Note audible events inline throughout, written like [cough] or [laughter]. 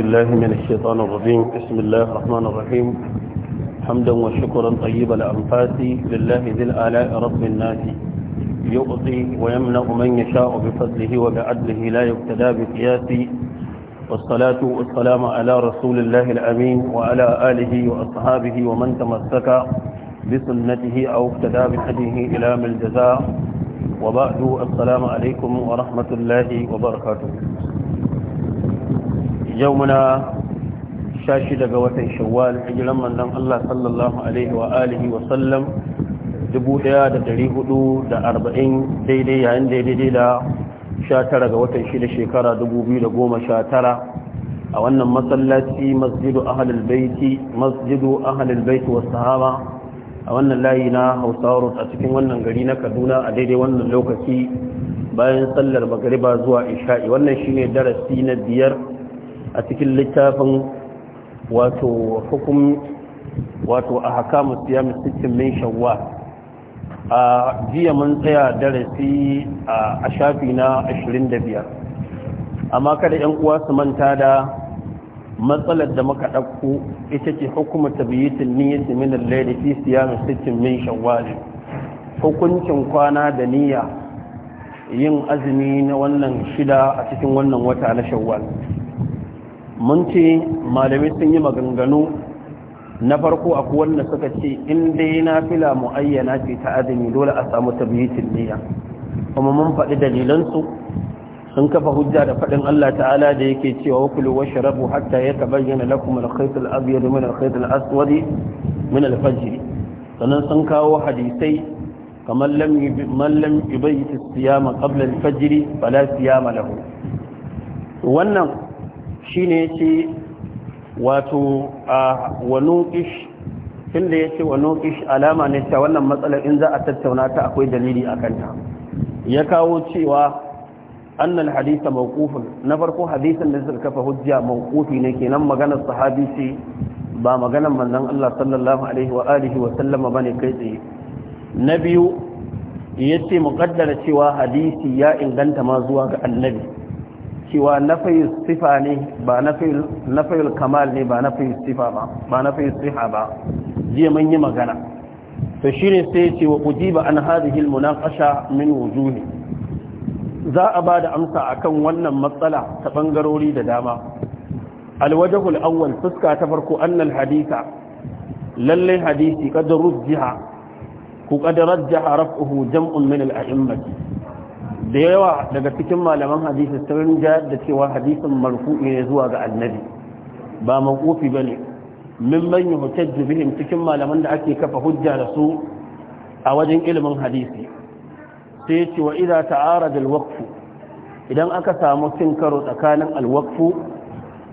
بالله من الشيطان الرجيم بسم الله الرحمن الرحيم حمدا وشكرا طيب الأنفاس لله ذي الآلاء رب الناس يؤطي ويمنع من يشاء بفضله وبعدله لا يقتدى بقياسي والصلاة والسلام على رسول الله الأمين وعلى آله وأصحابه ومن تمسك بسنته أو اقتدى بهديه إلى من الجزاء وبعد السلام عليكم ورحمة الله وبركاته yau muna shashi daga watan shawwal hijiran manzon Allah sallallahu alaihi wa alihi wa sallam 1440 daidai yayin daidai da 19 ga watan shida shekara 2019 a wannan masallaci masjidu ahlul baiti masjidu ahlul baiti was sahaba a wannan layi na Hausawa a cikin wannan gari na Kaduna a daidai wannan lokaci bayan sallar magariba zuwa isha'i wannan shine darasi na biyar a cikin littafin wato hukum wato a hakamu siyam cikin min shawwa a jiya mun tsaya darasi a shafi na 25 amma kada yan uwa su manta da matsalar da muka ɗauko ita ce hukuma tabiyyitin niyyati min al-layli fi siyam sittin min shawwal hukuncin kwana da niyya yin azumi na wannan shida a cikin wannan wata na shawwal mun ce malami sun yi maganganu na farko akwai wanda suka ce in dai na fila mu'ayyana ce ta azumi dole a samu tabbitin niyya kuma mun faɗi dalilansu sun kafa hujja da faɗin Allah ta'ala da yake cewa wakulu wa sharabu hatta ya bayyana lakum al-khayt abyad min al aswad min al sannan sun kawo hadisai kamar lam man lam yubayyit siyama qabla al fala siyama lahu wannan shine ce wato wa nuqish ya yace wano nuqish alama ne ta wannan matsalar in za a tattauna ta akwai dalili a kanta ya kawo cewa annal hadisa mawqufun na farko hadisin da suka kafa hujja mawqufi ne kenan maganar sahabi ce ba maganar manzon Allah sallallahu alaihi wa alihi wa sallama bane kai tsaye na biyu yace muqaddara cewa hadisi ya inganta ma zuwa ga annabi cewa nafayi sifa ne ba nafayi kamal ne ba nafayi sifa ba ba siha ba jiya mun yi magana to shine sai ce wa ba an hadhihi almunaqasha min wujuhi za a ba da amsa akan wannan matsala ta ɓangarori da dama alwajahul awwal fuska ta farko annal hadisa lallai hadisi qad jiha, ku qad jiha raf'uhu jam'un min al da yawa daga cikin malaman hadisi sun jayar da cewa hadisin marfu'i ne zuwa ga annabi ba mawqufi bane min man yuhtajju bihim cikin malaman da ake kafa hujja da su a wajen ilimin hadisi sai ce wa idza ta'arad al idan aka samu cin karo tsakanin al-waqf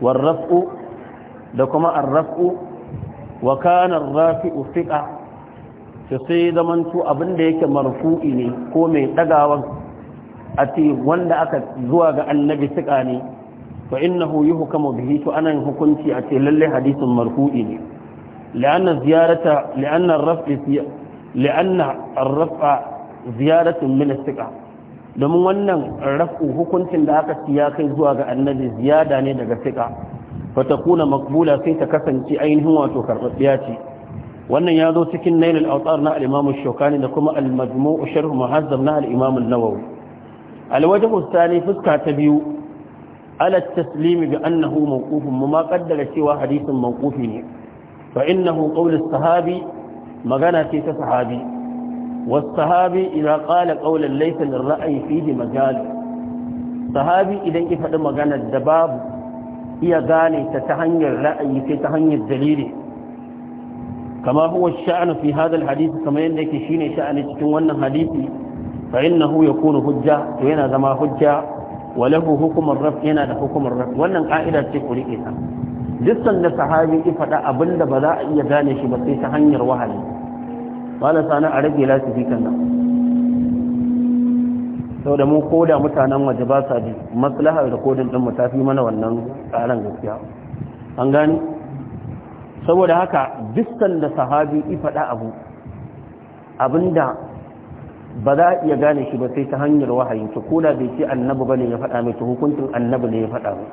war raf'u da kuma ar-raf'u wa kana ar-rafi'u fiqa sai zamantu abinda yake marfu'i ne ko mai dagawan a ce wanda aka zuwa ga annabi suka ne fa innahu yuhkamu bihi to anan hukunci a ce lalle hadisin marfu'i ne la'anna ziyarata la'anna rafi la'anna rafa min domin wannan raf'u hukuncin da aka siya kai zuwa ga annabi ziyada ne daga siqa fa kuna Makbula sai ta kasance ainihin wato karɓaɓɓiya ce wannan ya zo cikin nailul awtar na al-imam Shokani da kuma al-majmu' sharh muhazzam na al-imam an-nawawi alwaji hustani fuska ta biyu ala taslimi bi annahu mawqufun mu ma kaddara cewa hadisin mawqufi ne fa innahu qawlu sahabi magana ce ta sahabi was sahabi idza qala qawlan laysa lirra'yi fihi majal sahabi idan ki faɗi magana da babu iya gane ta ta hanyar ra'ayi sai ta hanyar dalili kama huwa sha'anu fi hadha alhadith kamar yadda yake shine sha'ani cikin wannan hadisi fa innahu yakunu hujja to yana zama hujja walahu hukumar raf yana da hukumar raf wannan ka'ida ce ku rike ta duk sanda sahabi ya faɗa abinda ba za a iya gane shi ba sai ta hanyar wahayi wala sana a rage lasifi kan nan saboda mu koda mutanen waje ba sa ji maslahar rikodin din mu ta fi mana wannan tsarin gaskiya an gani saboda haka duk da sahabi ya faɗa abu abinda ba za a iya gane shi ba sai ta hanyar wahayin ta koda bai ce annabi ne ya faɗa mai ta hukuncin annabi ne ya faɗa mai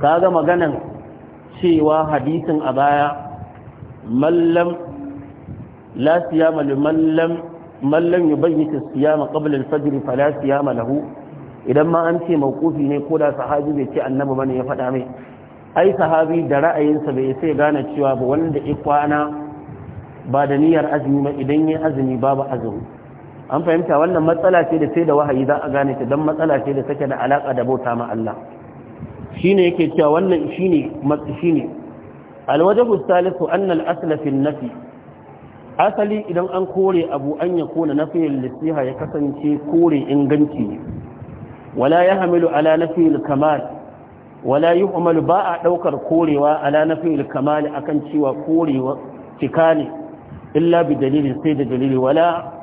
ga maganan cewa hadisin a baya mallam la siyama Mallam, mallam siyama qabla al-fajr fala lahu idan ma an ce mawqufi ne da sahabi bai ce annabi ne ya faɗa mai ai sahabi da ra'ayinsa bai sai gane cewa ba wanda ya kwana ba da niyyar azumi ba idan ya azumi babu azumi an fahimta wannan matsala ce da sai da wahayi za a gane ta don matsala ce da take da alaka da bauta ma Allah ne yake cewa wannan shi ne. alwajhu thalithu anna al-asl fi nafi asali idan an kore abu an ya kona nafiyin lissiha ya kasance kore inganci ne wala ya hamilu ala nafiyin kamal wala yi umaru ba a ɗaukar korewa ala nafiyin kamal akan cewa korewa cika ne illa bi dalilin sai da dalili wala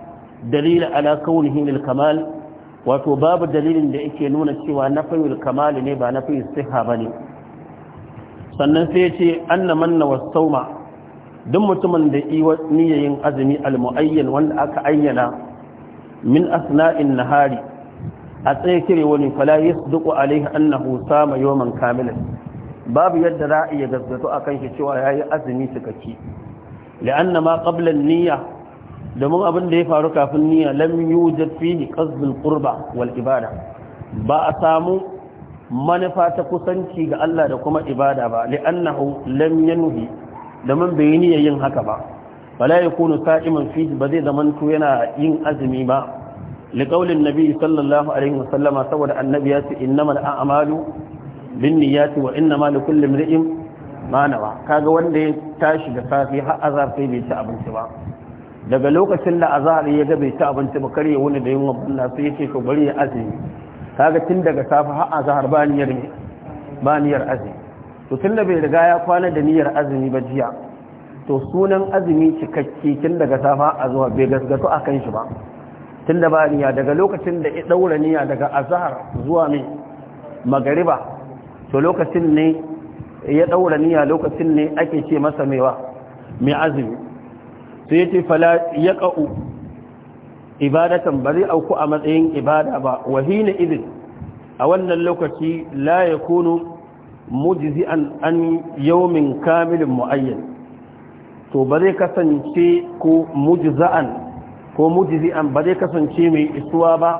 dalila ala kaunihi lil kamal wato babu dalilin da yake nuna cewa nafiyul kamal ne ba nafiyul siha bane sannan sai yace anna manna was-sawma duk mutumin da yi niyyayin azumi al-muayyan wanda aka ayyana min asna'in nahari a tsaye kire wani fala yasduqu alaihi annahu sama yawman kamilan babu yadda za a iya a akan shi cewa yayi azumi cikakki la'anna ma qabla an-niyya domin abin da ya faru kafin niyya lam yujad fihi qasdul qurba wal ibada ba a samu manufa ta kusanci ga Allah da kuma ibada ba li'annahu lam yanhi domin bai niyya yin haka ba wala yakunu sa'iman fi ba zai zaman yana yin azumi ba li qaulin nabi sallallahu alaihi wasallama saboda annabi ya ce innamal a'malu binniyati wa innamal likulli imrin ma nawa kaga wanda ya tashi da safi har azar sai bai ci abinci ba daga lokacin da azhar ya ga bai ci abinci ba kare wani da yin abdullah sai yace to bari ya azumi kaga tun daga safa har azhar ba niyar ne ba niyar azumi to tun da bai riga ya kwana da niyar azumi ba jiya to sunan azumi cikakke tun daga safa a zuwa bai gasgato kan shi ba tun da ba niyya daga lokacin da ya daura niyya daga azhar zuwa mai magariba to lokacin ne ya daura niyya lokacin ne ake ce masa mewa mai azumi sai ya ce fala ya ƙa'u ibadatan ba zai auku a matsayin ibada ba wahina izin a wannan lokaci la ya kunu mujizi an an yaumin kamilin mu'ayyan to ba zai kasance ko mujiza'an ko mujizi'an ba zai kasance mai isuwa ba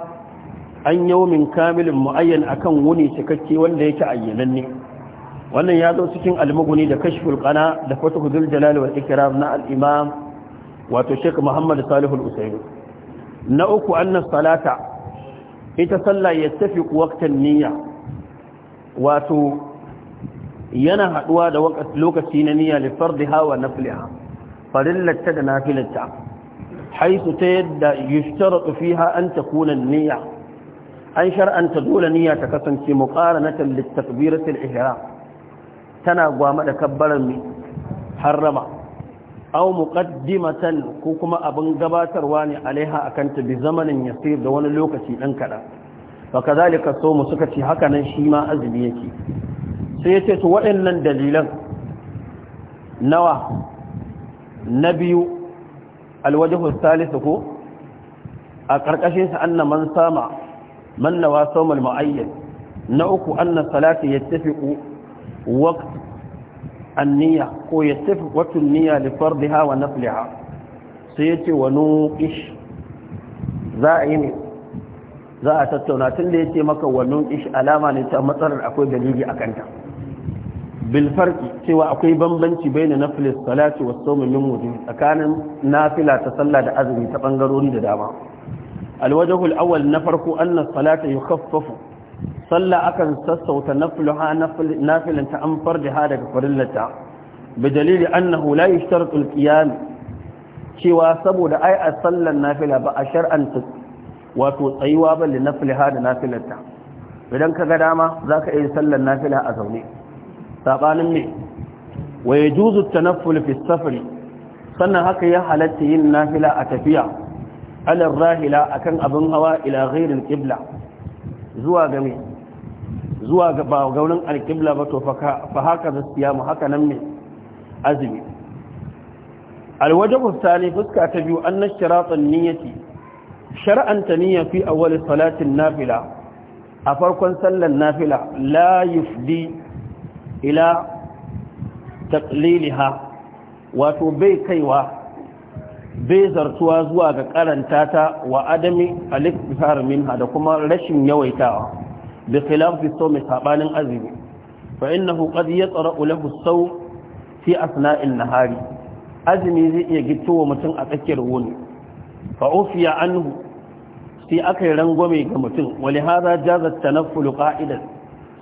an yawmin kamilin mu'ayyan akan wuni cikakke wanda yake ne wannan ya zo cikin almuguni da kashful qana da fatuhul jalal wal ikram na al wato Sheikh Muhammad Salihul Usaimi na uku annas salata ita sallah tafi waqtan niyya wato yana haduwa da lokaci na niyya li fardiha wa nafliha farillata da nafilata haisu ta yadda yushtaratu fiha an takuna niyya an shar'anta dole niyya ta kasance muqaranatan lit takbiratil ihram tana gwama da kabbaran harrama aw muqaddimatan ko kuma abin gabatarwa ne alaiha akan ta bi zamanin yasir da wani lokaci dan kada fa kazalika mu suka ce haka nan shi ma azumi yake sai yace to waɗannan dalilan nawa na biyu alwajhu Salisu ko a karkashin sa anna man sama man nawa sawmal muayyan na uku anna salati yattafiqu waqt anniya ko ya tafi watun niyya da fardiha wa nafliha ya ce wa za a za a tattauna tun da ya ce maka wa nukish alama ne ta matsalar akwai dalili a kanta bilfarki cewa akwai bambanci bai na nafilis salati wasu saumamin wajen tsakanin nafila ta sallah da azumi ta bangarori da dama alwajahul awal na farko annas salata yukhaffafu sallah akan sassauta nafluha nafilan ta an farjiha daga farillata bi dalili annahu la yashtaratu al-qiyam cewa saboda ai a sallan nafila ba a shar'anta wato tsayuwa ba li nafliha da nafilata idan ka ga dama zaka iya sallan nafila a zaune sabanin me wa yajuzu at-tanafful fi as-safar sannan haka ya halatta yin nafila a tafiya ala rahila akan abin hawa ila ghairil qibla zuwa ga zuwa ga ba gaurin alkibla ba to fa haka zaskiya mu haka nan me azumi alwajabu tsani fuska ta biyu an nashiratun niyyati shar'anta niyya fi awwal salatin nafila a farkon sallan nafila la yufdi ila taqliliha wato bai kaiwa bai zartuwa zuwa ga karanta ta wa adami al-iktisar minha da kuma rashin yawaitawa bi khilaf bi sawmi sabanin azumi fa innahu qad yatra'u lahu saw fi asna'in nahari azumi zai iya gitowa mutum a tsakiyar wuni fa ufiya anhu sai aka yi rangwame ga mutum wali hada jaza tanaffulu qa'idan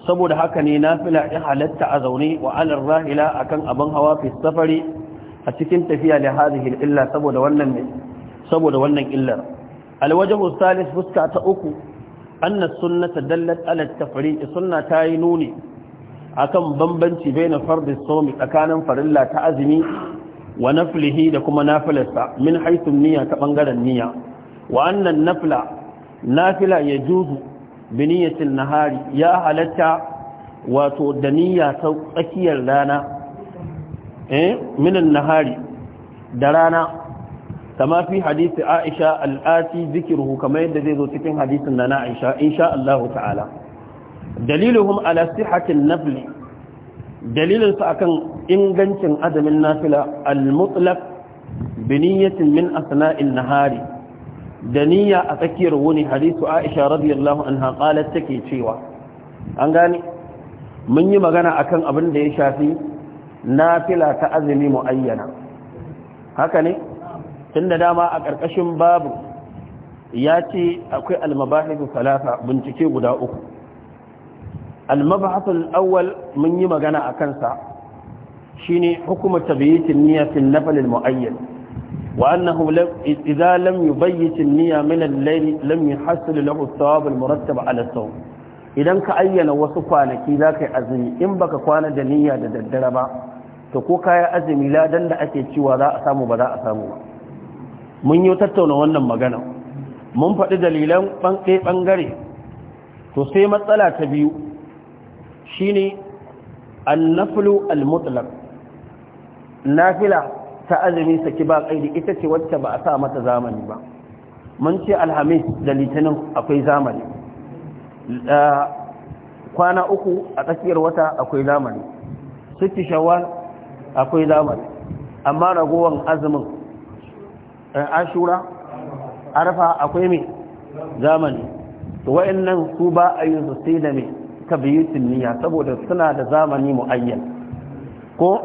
saboda haka ne nafila ya halatta a zaune wa alar rahila akan abin hawa fi safari a cikin tafiya da hadhihi illa saboda wannan ne saboda wannan illar alwajhu salis fuska ta uku anna sunnata dallat ala tafriq sunna ta yi nuni akan bambanci baina fardhi sawm tsakanin farilla ta azumi wa naflihi da kuma nafilarsa min haythu niyya ta bangaren niyya wa anna nafla nafila yajuzu bi na nahari ya halatta wato da niyya ta tsakiyar rana Eh, minan nahari da rana kama fi hadisi aisha al'ati zikiru kamar yadda zai zo cikin hadisin na aisha insha Allah ta'ala daliluhum ala sihatin nafli dalilin su akan ingancin azumin nafila al-mutlaq bi niyyatin min asna'in nahari da niyya a tsakiyar wuni hadisu aisha radiyallahu anha qalat take cewa an gane mun yi magana akan abin da ya shafi nafila ta azumi muayyana haka ne tunda dama a ƙarƙashin babu ya ce akwai almabahisu salasa bincike guda uku almabahasul awwal mun yi magana a kansa shine hukumu tabyitin niyya fil nafl al muayyan wa annahu idza lam yubayyit an min al layl lam yuhassil lahu thawab al murattab ala sawm idan ka ayyana wasu kwanaki zakai azumi in baka kwana da niyya da daddare ba to ko kayan azumi ladan da ake cewa za a samu ba za a samu ba mun yi tattauna wannan magana mun faɗi dalilan ɓanɗe ɓangare to sai matsala ta biyu shine annaflu almutlaq nafila ta azumi saki ba kaidi ita ce wacce ba a sa mata zamani ba mun ce alhamis da litinin akwai zamani kwana uku a tsakiyar wata akwai zamani sitti shawwal akwai zaman amma ragowar azumin a eh, ashura arfa akwai mai zamani wa'annan su ba a yi da mai ka biyutin niya saboda suna da zamani mu'ayyar ko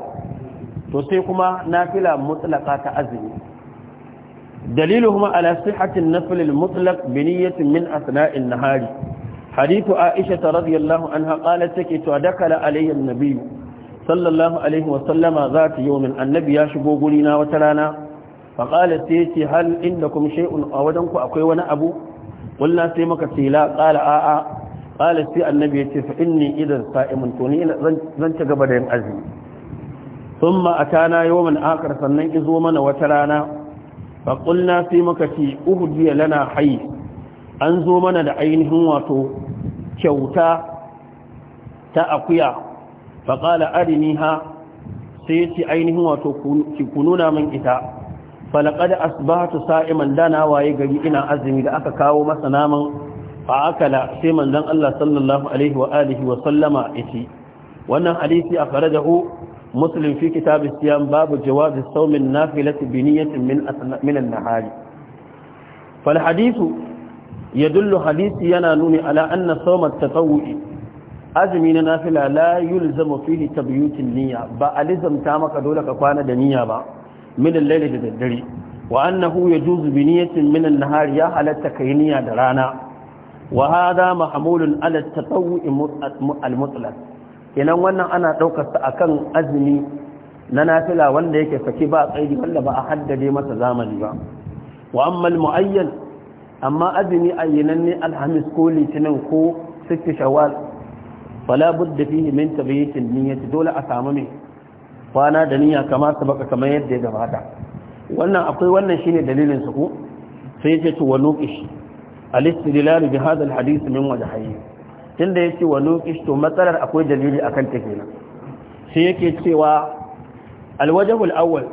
sai kuma na fila mutlaka ta azumi dalilu kuma ala sihatin nafilin mutlak biniyatin min asna'in nahari حديث عائشة رضي الله عنها قالت تكيت ودخل عليه النبي sallallahu alaihi wasallama za ta yi min annabi ya shigo guri wata rana faƙalar sai ce hal inda kuma shai'un a wajenku akwai wani abu ƙulla sai maka tela ƙala a'a ƙala sai annabi ya ce fa inni idan sa'imun to ni zan ci gaba da yin azumi sun ma a tana min akar sannan izo mana wata rana faƙulla sai maka ce uhudiya lana hayi an zo mana da ainihin wato kyauta ta akuya faƙala ha sai ce ainihin wato ku nuna min ita falaƙad asbahatu sa'iman dana waye gari ina azumi da aka kawo masa naman fa'akala sai manzon Allah sallallahu alaihi wa alihi wa sallama iti. wannan hadisi akhrajahu muslim fi kitab as-siyam babu jawaz as-sawm an-nafilah bi niyyatin min nahari fal ya yadullu hadisi yana nuni ala anna saumar at-tatawwu azumi na nafila la yulzamu fihi tabyutin niyya ba alizamta maka dole ka kwana da niyya ba min al-layli da daddare wa annahu yajuzu bi niyyatin min an-nahar ya halatta kai niyya da rana wa hadha mahmulun ala at-tatawwu al-mutlaq idan wannan ana daukar sa akan azumi na nafila wanda yake saki ba tsaidi wanda ba a haddade masa zamani ba wa amma al-mu'ayyan amma azumi ayyanan ne alhamis ko litinin ko sitti shawwal fala budda fihi min tabiyatin niyyati dole a samu mai kwana da niyya kamar ta baka kamar yadda ya gabata wannan akwai wannan shine dalilin su ko sai yace to wa nuqish al-istidlal bi hadha al-hadith min wajhayn tunda yace wa nuqish to matsalar akwai dalili akan ta kenan sai yake cewa al-wajh al-awwal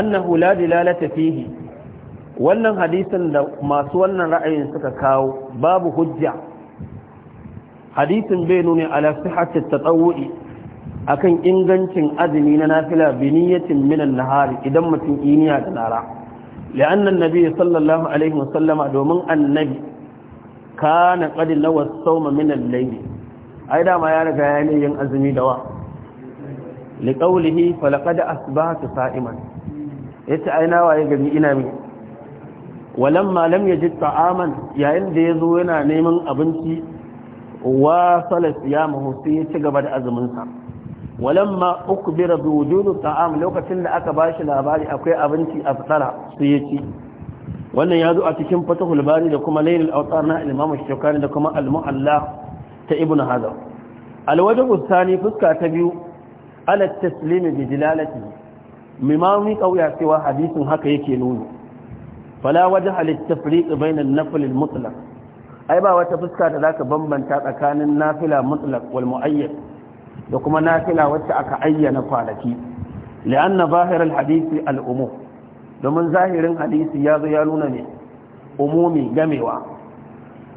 annahu la dilalata fihi wannan hadisin da masu wannan ra'ayin suka kawo babu hujja hadisin bai nuni ala sihhatit tatawwu'i akan ingancin azumi na nafila bi niyyatin min an-nahar idan mutum iniya da nara li'anna an-nabi sallallahu alaihi wa sallama domin annabi kana qad lawa as-sawma min al-layl ai da ma ya riga ya ne yin azumi da wa li qawlihi fa laqad asbahtu sa'iman yace ai na waye gami ina mi walamma lam yajid ta'aman yayin da yazo yana neman abinci wa salat siyamahu sai ya ci gaba da azumin sa walamma ukbira bi wujudu ta'am lokacin da aka bashi labari akwai abinci a fitara sai ya ci wannan ya zo a cikin fatahul bari da kuma lailul awtar na imam shaukani da kuma al-mu'alla ta ibn hazar al-wajhu thani fuska ta biyu ala taslim bi dilalati mimami kauya cewa hadisin haka yake nuni fala wajha lit-tafriq bayna an-nafl al-mutlaq ai ba wata fuska da zaka bambanta tsakanin nafila mutlaq wal muayyad da kuma nafila wacce aka ayyana kwanaki li'anna zahir al hadisi al umum domin zahirin hadisi ya zo ya nuna ne umumi gamewa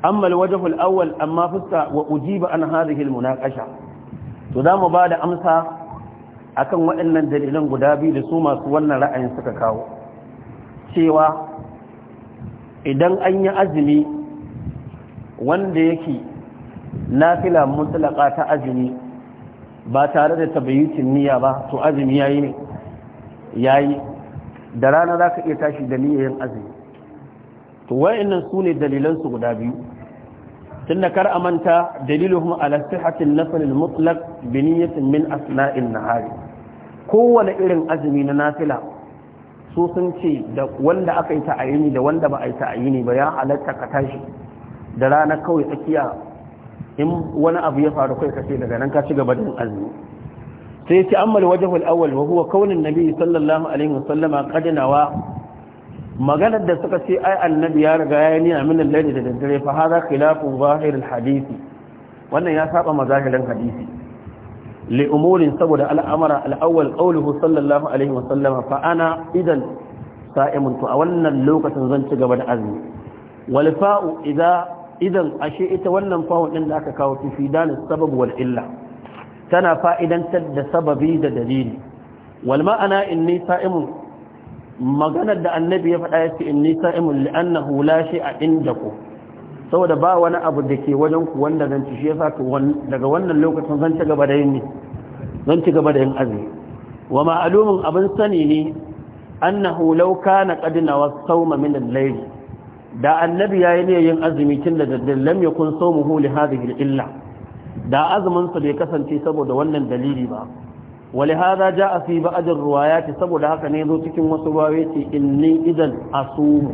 amma al wajh al awwal amma fuska wa ujiba an hadhihi al munaqasha to za mu bada amsa akan waɗannan dalilan guda biyu da su masu wannan ra'ayin suka kawo cewa idan an yi azumi wanda yake nafila mutlaka ta azumi ba tare da tabayyucin niyya ba to azumi yayi ne yayi da rana zaka iya tashi da niyyar azumi to wayannan sune dalilan su guda biyu tunda kar a manta daliluhum ala sihhatin nafl al-mutlaq bi niyyatin min asna'in nahari kowane irin azumi na nafila su sun ce da wanda aka yi ta'ayini da wanda ba a yi ta'ayini ba ya halatta ka tashi da rana kawai tsakiya in wani abu ya faru kai kace daga nan ka ci gaba da azumi sai yace amma wajen awwal wa huwa kaunin nabi sallallahu alaihi maganar da suka ce ai annabi ya riga ya niya min al-layli da daddare fa hadha khilafu zahir al wannan ya saba mazahirin hadisi li umurin saboda al'amara al-awwal qawluhu sallallahu alaihi wasallama fa ana idan sa'imun to a wannan lokacin zan ci gaba da azumi wal fa'u idza idan ashe ita wannan fawon ɗin da aka kawo fi fidanin sabab wal illa tana fa'idantar da sababi da dalili wal ma'ana inni sa'imun maganar da annabi ya faɗa ya ce inni sa'imun li'annahu la shi a inda ku saboda ba wani abu da ke wajen ku wanda zan ci shi yasa daga wannan lokacin zan ci gaba da yin zan ci gaba da yin azumi wa ma'alumin abin sani ne annahu law kana qad nawasawma min al-layl da annabi ya yi ne yin azumi tun da daddin lam ya kun so muhu li hadhihi illa da azuminsa bai kasance saboda wannan dalili ba wali hada ja a fi ba'adin ruwayati saboda haka ne zo cikin wasu ruwaye ce inni idan asumu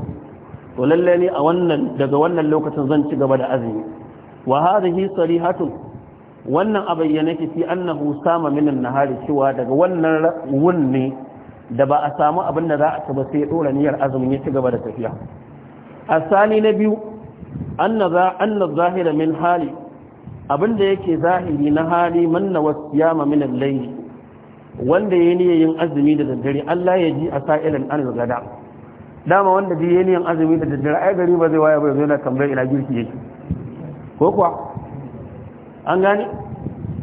to lalle ne a wannan daga wannan lokacin zan ci gaba da azumi wa hadhihi salihatun wannan a bayyana ki fi annahu sama min an-nahari cewa daga wannan wunni da ba a samu abin da za a ci sai dora niyyar azumin ya ci gaba da tafiya asali na biyu na zahira min hali abinda yake zahiri na hali manna wasiyama min al-layl wanda yayi niyyar azumi da daddare Allah ya ji asailan an gada dama wanda ji yayi niyyar azumi da daddare ai gari ba zai waya ba zai na tambaye ina girki yake ko kuwa an gani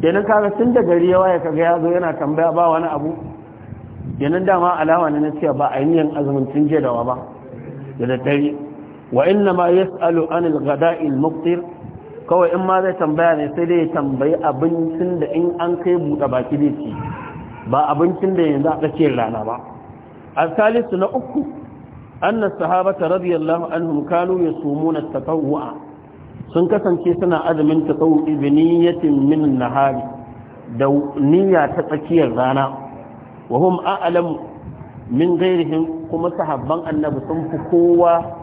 kenan kaga tun da gari ya waya kaga ya zo yana tambaya ba wani abu kenan dama alama ne na cewa ba ainihin azumin tun da wa ba da daddare wa inna ma yas'alu anil ghada'il muftir kawai in ma zai tambaya ne sai dai ya tambayi abincin da in an kai buɗe baki zai ci ba abincin da yanzu a tsakiyar rana ba asalisu na uku anna sahabata radiyallahu anhum kanu yasumuna tatawwa sun kasance suna azumin tatawwu ibniyatin min nahari da niyya ta tsakiyar rana wa hum a'lam min ghairihim kuma sahabban annabi sun fi kowa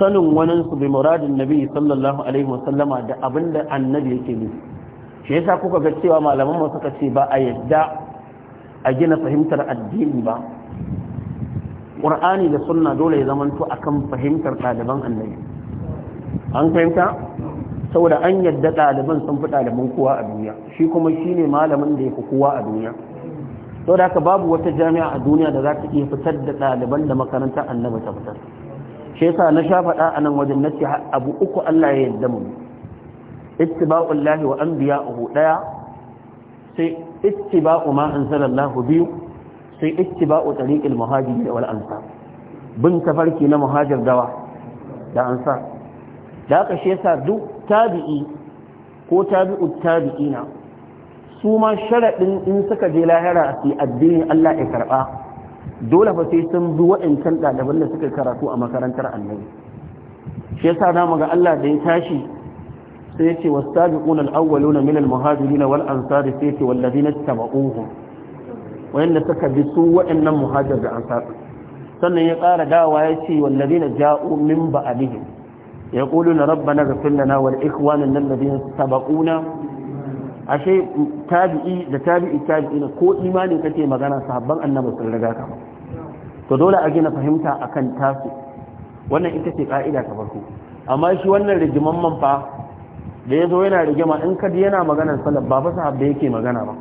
sanin waninsu bi muradin nabi sallallahu alaihi wasallama da abinda annabi yake nufi shi yasa kuka ga cewa malaman mu suka ce ba a yadda a gina fahimtar addini ba qur'ani da sunna dole ya zamanto akan fahimtar ɗaliban annabi an fahimta saboda an yadda ɗaliban sun fi ɗaliban kowa a duniya shi kuma shine malamin da ya fi kowa a duniya saboda haka babu wata jami'a a duniya da za ta iya fitar da ɗaliban da makarantar annabi ta fitar shi yasa na sha faɗa a nan wajen nace abu uku Allah ya yarda mu ittiba'ul lahi wa anbiya'uhu daya sai ittiba'u ma anzalallahu biyu sai ittiba'u tariqil muhajiri wal ansar bin tafarki na muhajir dawa da ansar da aka shi yasa duk tabi'i ko tabi'u tabi'ina su ma sharaɗin in suka je lahira su addini Allah ya karɓa dole fa sai sun bi waɗancan ɗaliban da suka karatu a makarantar annabi shi yasa na ga Allah da ya tashi sai ya ce wasabiqun al-awwaluna min al-muhajirin wal ansar sai ya ce wallazina tabauhum wayanda suka bi su waɗannan muhajir da ansar sannan ya ƙara dawa ya ce wallazina ja'u min ba'dihim yaquluna rabbana ighfir lana wal ikhwanana alladhina sabaquna ashe tabi'i da tabi'i tabi'i ko imani kake magana sahabban annabi sun riga ka to dole a gina fahimta akan tasu wannan ita ce ka'ida ta farko amma shi wannan rigiman man fa da ya zo yana rigima in kaji yana maganar salaf ba fa da yake magana ba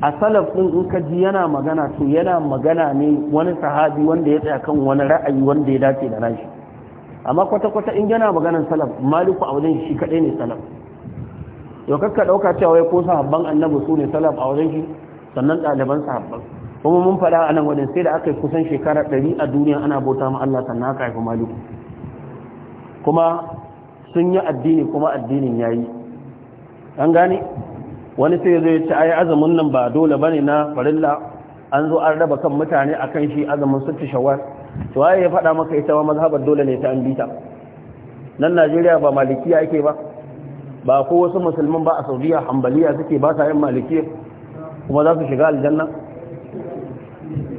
a salaf din in kaji yana magana to yana magana ne wani sahabi wanda ya tsaya kan wani ra'ayi wanda ya dace da nashi amma kwata-kwata in yana maganar salaf maliku a wajen shi kaɗai ne salaf yau kakka ɗauka cewa ya ko sahabban annabi su ne salaf a wajen shi sannan ɗaliban sahabban kuma mun faɗa a nan wajen sai da aka yi kusan shekara ɗari a duniya ana bauta ma Allah sannan aka haifi maliku kuma sun yi addini kuma addinin ya yi an gane wani sai zai ce yi azumin nan ba dole ba ne na farilla an zo an raba kan mutane a kan shi azumin sun ci shawar to waye ya faɗa maka ita ma mazhabar dole ne ta an bita nan najeriya ba malikiya ake ba ba ko wasu musulman ba a saudiya hambaliya suke ba sa yin malikiya kuma za su shiga aljanna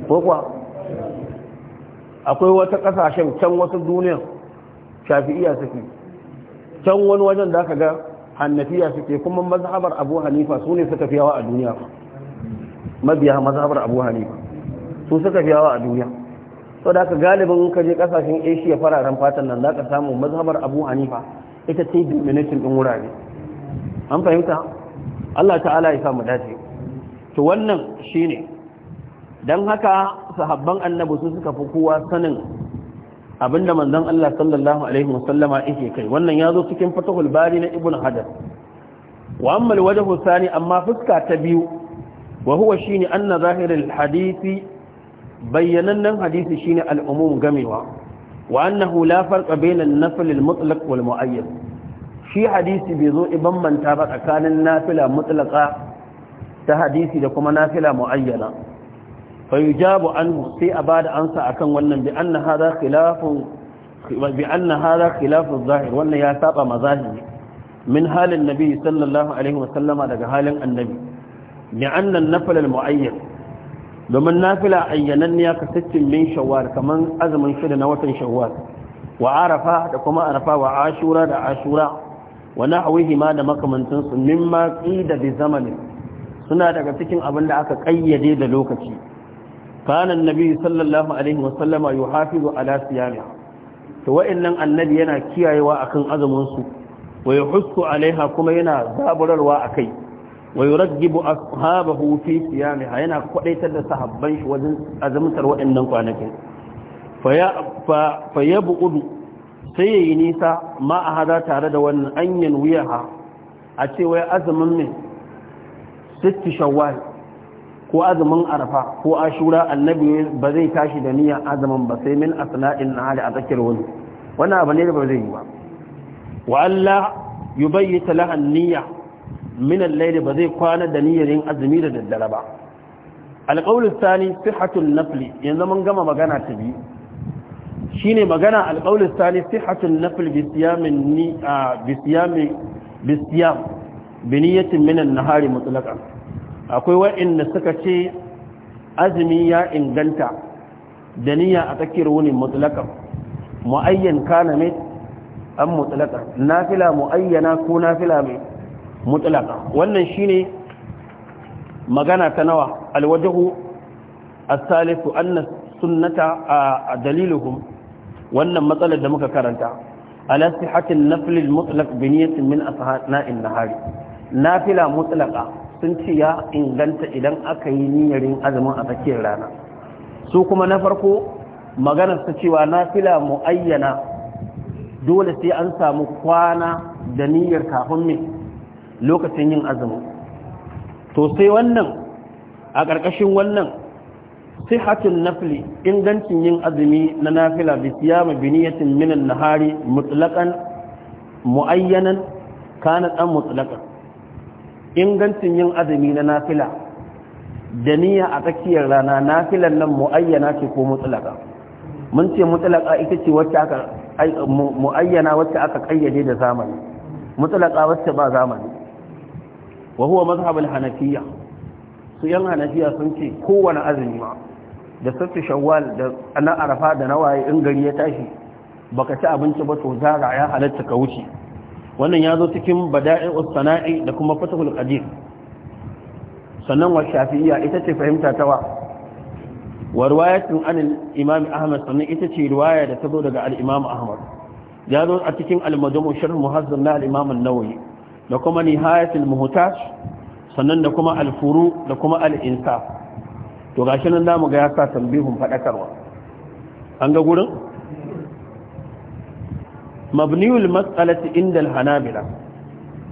ko kuwa akwai wata kasashen can wasu duniyan shafi'iya suke can wani wajen da aka ga hannafiya suke kuma mazhabar abu hanifa su ne suka fiyawa a duniya mabiya mazhabar abu hanifa su suka fiyawa a duniya sau da aka galibin ka je kasashen asia fararen fatan nan za ka samu mazhabar abu hanifa ita ce dominatin din wurare an fahimta allah ta'ala ya samu dace to wannan shine don haka sahabban annabi su suka fi kowa sanin abinda manzon Allah sallallahu alaihi wasallama yake kai wannan ya zo cikin fatahul bari na ibn hajar wa amma alwajhu thani amma fuska ta biyu wa huwa shine anna zahirin hadisi bayyanannan hadisi shine al'umum gamewa wa annahu la farqa bayna nafl al-mutlaq wal shi hadisi bai zo iban manta ba tsakanin nafila mutlaqa ta hadisi da kuma nafila muayyana fayujabu An'u sai a bada ansa akan wannan bi anna hadha khilafun zahir wannan ya saba mazahiri min halin nabi sallallahu alaihi wasallama daga halin annabi bi anna an-nafl al-mu'ayyan domin nafila ayyananniya ka sittin min shawwal kaman azumin shida na watan shawar, wa arafa da kuma arafa wa ashura da ashura wa nahwihi ma da makamantansu mimma qida bi suna daga cikin abin da aka ƙayyade da lokaci kana annabi sallallahu alaihi wasallam yuhafizu ala siyami to wa'annan annabi yana kiyayewa akan azumin su wa yuhsu alaiha kuma yana zaburarwa akai wa yurajjibu ashabahu fi siyamiha yana kwadaitar da sahabban shi wajen azumtar wa'annan kwanakin fa fa yabudu sai yayi nisa ma a hada tare da wannan anyan wuyaha a ce wai azumin ne sitti shawwal ko azumin arfa ko ashura annabi ba zai tashi da niyyar azumin ba sai min asna'in nahari a tsakiyar wani wannan abu ne da ba zai yi ba wa Allah yubayyita laha niyya min al-layl ba zai kwana da niyyar yin azumi da daddare ba alqawlu thani sihhatul nafli yanzu mun gama magana ta biyu Shi ne magana alqawlu thani sihhatul nafl bi siyamin ni bi siyamin bi siyam bi niyyatin min an-nahari mutlaqan akwai waɗanda suka ce azumi ya inganta da niyya a tsakiyar wunin mutlaƙar mu'ayyan kana mai an mutlaƙar nafila mu'ayyana ko nafila mai mutlaƙa wannan shine magana ta nawa alwajahu as-salisu anna sunnata a daliluhum wannan matsalar da muka karanta ala sihatin naflil mutlaq bi niyyatin min asna'in na fila mutlaqa sun ce ya inganta idan aka yi niyarin azumin a tsakiyar rana su kuma na farko maganar ta cewa mu ayyana dole sai an samu kwana da niyyar kafin mai lokacin yin azumin. to sai wannan a ƙarƙashin wannan sai sihatun nafili ingancin yin azumi na nafila bi ma bi niyyatin minan na nahari mutlaƙan muayyanan kana ɗan mutlaƙan ingancin yin azumi na nafila da niyya a tsakiyar rana nafilan nan muayyana ce ko mutlaka mun ce mutlaka ita ce wacce aka muayyana wacce aka kayyade da zamani mutlaka wacce ba zamani wa huwa mazhabul hanafiya su yan hanafiya sun ce kowane azumi ma da sattu shawwal da na arafa da nawaye in gari ya tashi baka ci abinci ba to zara ya halatta ka wuce wannan ya zo cikin bada'in sana'i da kuma fatahul qadir sannan wa shafi'iyya ita ce fahimta ta wa riwayatun an imam ahmad sannan ita ce riwaya da ta zo daga al-imam ahmad ya zo a cikin al-majmu sharh muhazzab na al-imam an-nawawi da kuma nihayatul muhtaj sannan da kuma al-furu da kuma al-insaf to gashi nan zamu ga ya sa tambihun fadakarwa an ga gurin mabniyul Matsalati inda al-hanabila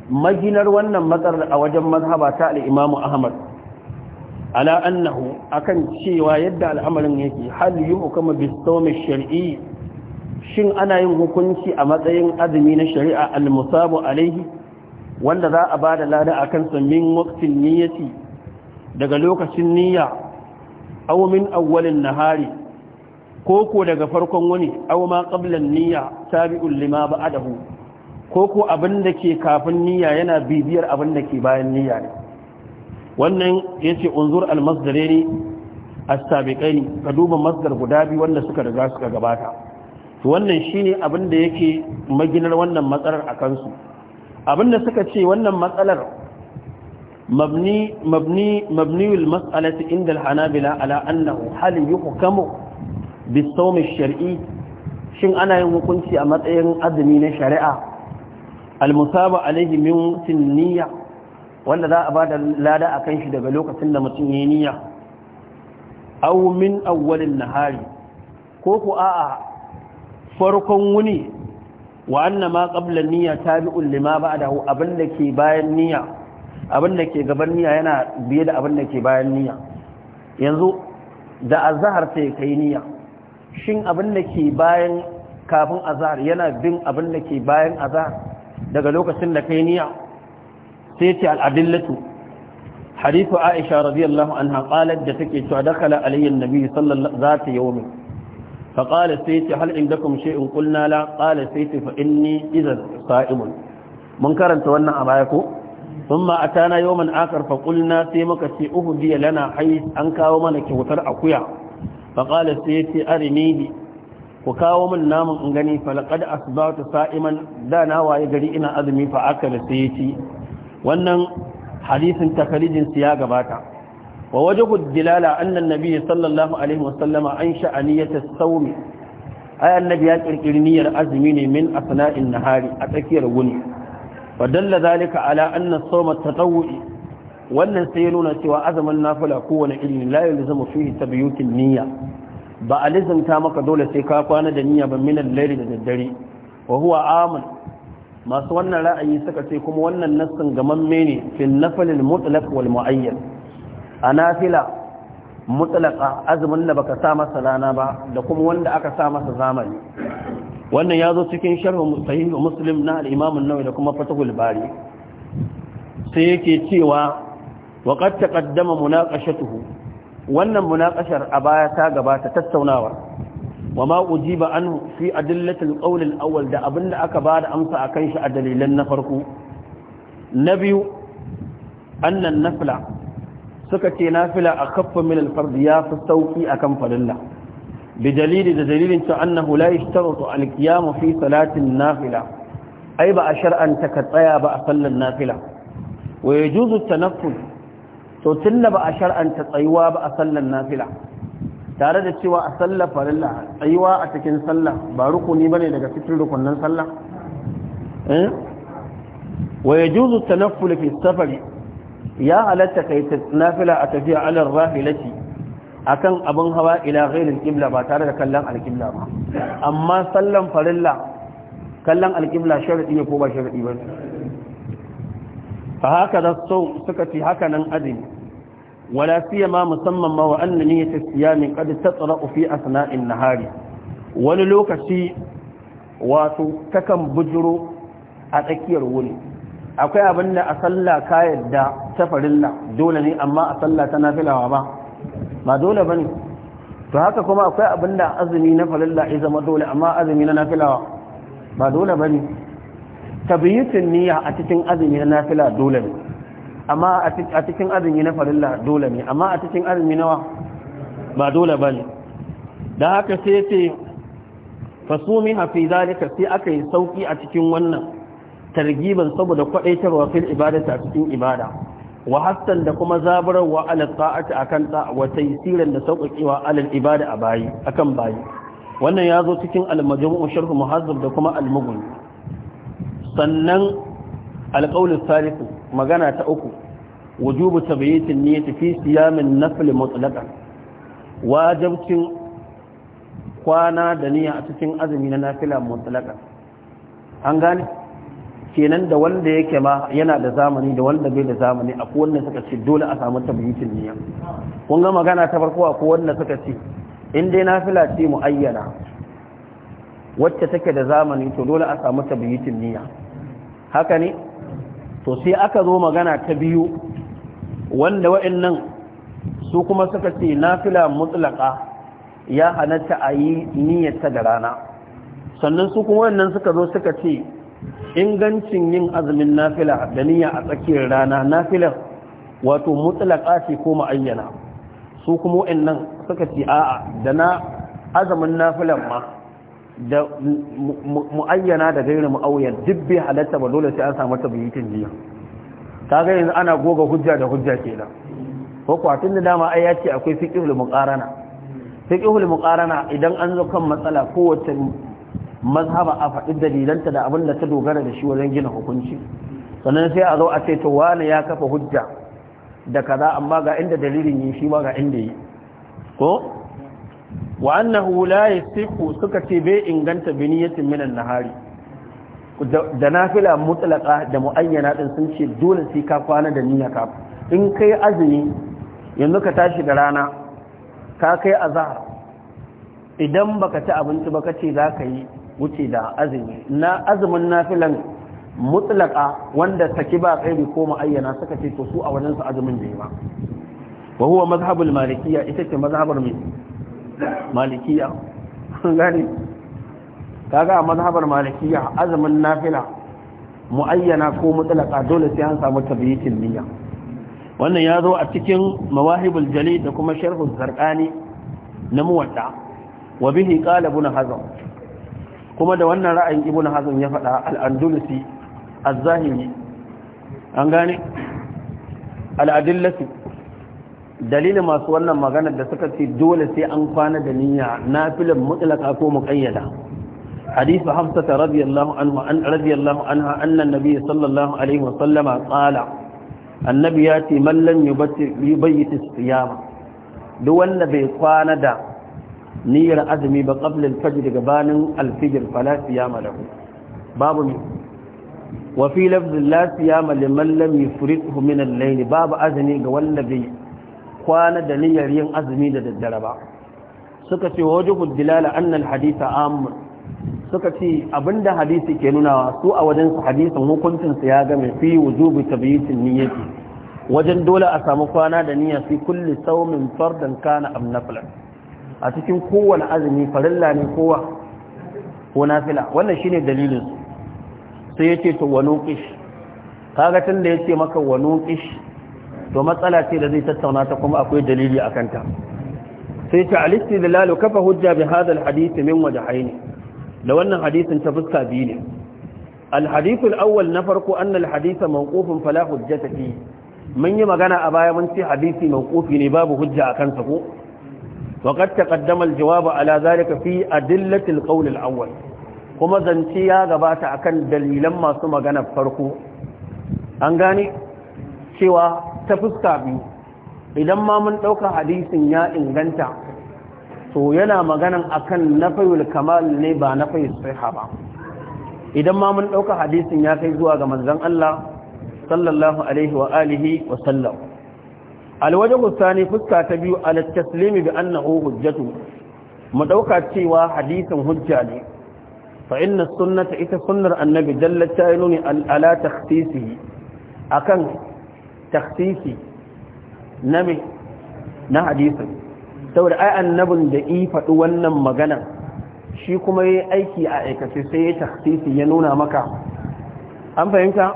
maginar wannan matsalar a wajen mazhaba ta al-imam ahmad ala annahu akan cewa yadda al'amarin yake hal yuhkamu bis-sawm shari shin ana yin hukunci a matsayin azumi na shari'a al-musabu alaihi wanda za a ba da lada akan kansa min waktin niyyati daga lokacin niyya aw min awwalin nahari koko daga farkon wani aw ma qabla niyya tabi'un lima ba'dahu koko abin da ke kafin niyya yana bibiyar abin da ke bayan niyya ne wannan yace unzur al masdarani as-sabiqaini ka duba masdar guda biyu wanda suka riga suka gabata to wannan shine abin da yake maginar wannan matsalar akan su abin da suka ce wannan matsalar mabni mabni mabni al mas'alati inda al hanabila ala annahu hal yuhkamu bisomi shari'i. shin ana yin hukunci a matsayin azumi na shari'a almusaba alaihi min sinniya wanda za a ba da lada a kan shi daga lokacin da mutum ya niyya aw min awwalin nahari ko ku a'a farkon wuni wa anna ma qabla niyya tabi'un lima ba'dahu abin ke bayan niyya abin da ke gaban niyya yana biye da abin da ke bayan niyya yanzu da azhar sai kai niyya shin abin da ke bayan kafin Azar yana bin abin da ke bayan Azar daga lokacin da kai niyya sai ce al'adillatu hadithu aisha radiyallahu anha qalat da take cewa dakala alayhi annabi sallallahu zata yawmi fa qala sayti hal indakum shay'un qulna la qala sayti fa inni idhan sa'imun mun karanta wannan a baya ko ثم أتانا يوما آخر فقلنا سيمك سيئه دي لنا حيث أنكا ومن كوتر أقيا faƙala sai ya ce arinihi ku kawo min namun in gani falakad asbatu sa'iman da na waye gari ina azumi fa akala sai ya wannan hadisin takalijin su ya gabata wa wajhu dilala anna an-nabiy sallallahu alaihi wa an sha'aniyat as-sawm ay annabi ya kirkiri niyyar azumi ne min asna'in nahari a tsakiyar wuni wa dalla zalika ala anna sama sawma tatawwu'i wannan sai ya nuna cewa azumin nafila kowane ilimi da yalzamu fihi tabyutin niyya ba a lizanta maka dole sai ka kwana da niyya ba minan laili da daddare wa huwa amun masu wannan ra'ayi suka ce kuma wannan nassin gamamme ne fil nafilil mutlaq wal muayyan a nafila mutlaqa azumin da baka sa masa rana ba da kuma wanda aka sa masa zamani wannan ya zo cikin sharh sahih muslim na al-imam an-nawawi da kuma fatahul bari sai yake cewa wa qad taqaddama tuhu. wannan munaqashar a baya ta gabata tattaunawa wa ma ujiba anhu fi adillati al-qawl al-awwal da abinda aka bada amsa a akan shi a dalilan na farko na biyu annan nafla suka ce nafila akaffa min al-fard ya fi sauki akan farilla بدليل دليل أنه nafila. يشترط ba a صلاة ka tsaya ba a sallar nafila. صلى النافلة ويجوز التنفل to tunda ba a shar'anta tsayuwa ba a sallan nafila tare da cewa a sallar farilla tsayuwa a cikin sallah ba rukuni bane daga cikin rukunnan sallah eh wa yajuzu tanafful fi safari ya halatta kai nafila a tafiya ala rahilati akan abin hawa ila ghairil qibla ba tare da kallon alqibla ba amma sallan farilla kallon alqibla sharadi ne ko ba sharadi ba fa haka da sau suka ci haka nan azumi wala siyama musamman ma wa anna niyyatu siyami qad tatra'u fi asna'in nahari wani lokaci wato takan bujuro a tsakiyar wuni akwai abin da a sallah ka yadda ta farilla dole ne amma a sallah ta nafilawa ba ba dole ba ne. to haka kuma akwai abin da azumi na farilla ya zama dole amma azumi na nafilawa ba dole ba bane tabiyitin niyya a cikin azumi na nafila dole ne amma a cikin azumi na farilla dole ne amma a cikin azumi nawa ba dole ba ne da haka sai ce fasumi hafi zalika sai aka yi sauki a cikin wannan targiban saboda kwadaitarwa fil ibadata a cikin ibada wa da kuma zabararwa ala ta'ati akan ta wa taysiran da sauƙaƙewa ala ibada a bayi akan bayi wannan ya zo cikin al-majmu' sharh muhazzab da kuma al-mughni sannan al-qawl salisu magana ta uku wujubu tabiyatin niyyati fi siyamin nafl mutlaqan wajibcin kwana da niyya a cikin azumi na nafila mutlaqan an gane kenan da wanda yake ma yana da zamani da wanda bai da zamani akwai wanda suka ce dole a samu tabiyatin niyya kun ga magana ta farko akwai wanda suka ce in dai nafila ce muayyana wacce take da zamani to dole a samu tabiyatin niyya haka ne to sai aka zo magana ta biyu wanda wa'annan su kuma suka ce nafila mutlaka ya hanata a yi niyyarta da rana sannan su kuma wa'annan suka zo suka ce ingancin yin azumin nafila da niyya a tsakiyar rana nafilar wato mutlaka ce ko ma'ayyana su kuma wa'annan suka ce a'a da na azumin nafilan ma da mu'ayyana da gairin mu'auyar duk bai halatta ba dole sai an samu tabbatin jiya ta ga yanzu ana goga hujja da hujja ke nan, ko kwatin da dama ai ya ce akwai fiqhul muqarana fiqhul muqarana idan an zo kan matsala kowace mazhaba a faɗi dalilanta da abin da ta dogara da shi wajen gina hukunci sannan sai a zo a ce to wani ya kafa hujja da kaza amma ga inda dalilin yi shi ma ga inda yi ko wa annahu la yasifu suka ce bai inganta bi niyatin minan nahari da nafila mutlaqa da muayyana din sun ce dole sai ka kwana da niyya ka in kai azumi yanzu ka tashi da rana ka kai azhar idan baka ci abinci baka ce za ka yi wuce da azumi na azumin nafilan mutlaqa wanda saki ba kai ko muayyana suka ce to su a wajen su azumin da ba wa huwa mazhabul malikiyya ita ce mazhabar mai malikiya gane kaga a mazhabar malikiya azumin nafila muayyana ko mutlaka dole sai an samu tabyitin niyya wannan ya zo a cikin mawahibul jali da kuma sharhul zarqani na muwadda wa bihi qala ibn hazm kuma da wannan ra'ayin ibn hazm ya faɗa al-andalusi az-zahiri an gane al-adillatu dalilin masu wannan maganar da suka ce dole sai an kwana da niyya na filin mutulaka ko muƙayyada hadisu hafsa ta radiyallahu anhu an radiyallahu anha annan nabi sallallahu alaihi wa sallama qala annabi ya ce man lam yubayyitu siyama duk wanda bai kwana da niyyar azumi ba qabl al fajr gabanin al fajr fala siyama lahu babu wa fi lafzin la siyama liman lam yufriqhu min al babu azumi ga wanda bai kwana da niyyar yin azumi da daddare ba suka ce wajhu dilala annal hadith am suka ce abinda hadisi ke nunawa su a wajen su hadisin hukuncin su ya game fi wujubi tabyitin niyyati wajen dole a samu kwana da niyya fi kulli sawmin fardan kana am nafila a cikin kowane azumi farilla ne kowa ko nafila wannan shine dalilin sai yace to wanuqish kaga tunda yace maka wanuqish to matsala ce da zai tattauna ta kuma akwai dalili a kanta sai ta alisti da lalu kafa hujja bi hada hadisi min waje haini da wannan hadisin ta fuska biyu ne alhadisul awwal na farko annal hadisa mawqufun fala hujjata fi mun yi magana a baya mun ce hadisi mawqufi ne babu hujja a kansa ko wa qad taqaddama aljawabu ala zalika fi adillati alqawl alawwal kuma zance ya gabata akan dalilan masu maganar farko an gane cewa ta fuska biyu idan ma mun ɗauka hadisin ya inganta to yana maganan akan nafayul kamal ne ba nafayul siha ba idan ma mun ɗauka hadisin ya kai zuwa ga manzon Allah sallallahu alaihi wa alihi wa sallam fuska ta biyu al taslimi bi annahu hujjatu mu ɗauka cewa hadisin hujja ne fa inna sunnata ita sunnar annabi jalla ta'ala ala takhsisihi akan taksisi na me na hadisin saboda ai annabin da i faɗi wannan magana shi kuma yi aiki a aikace sai ya taksisi ya nuna maka an fahimta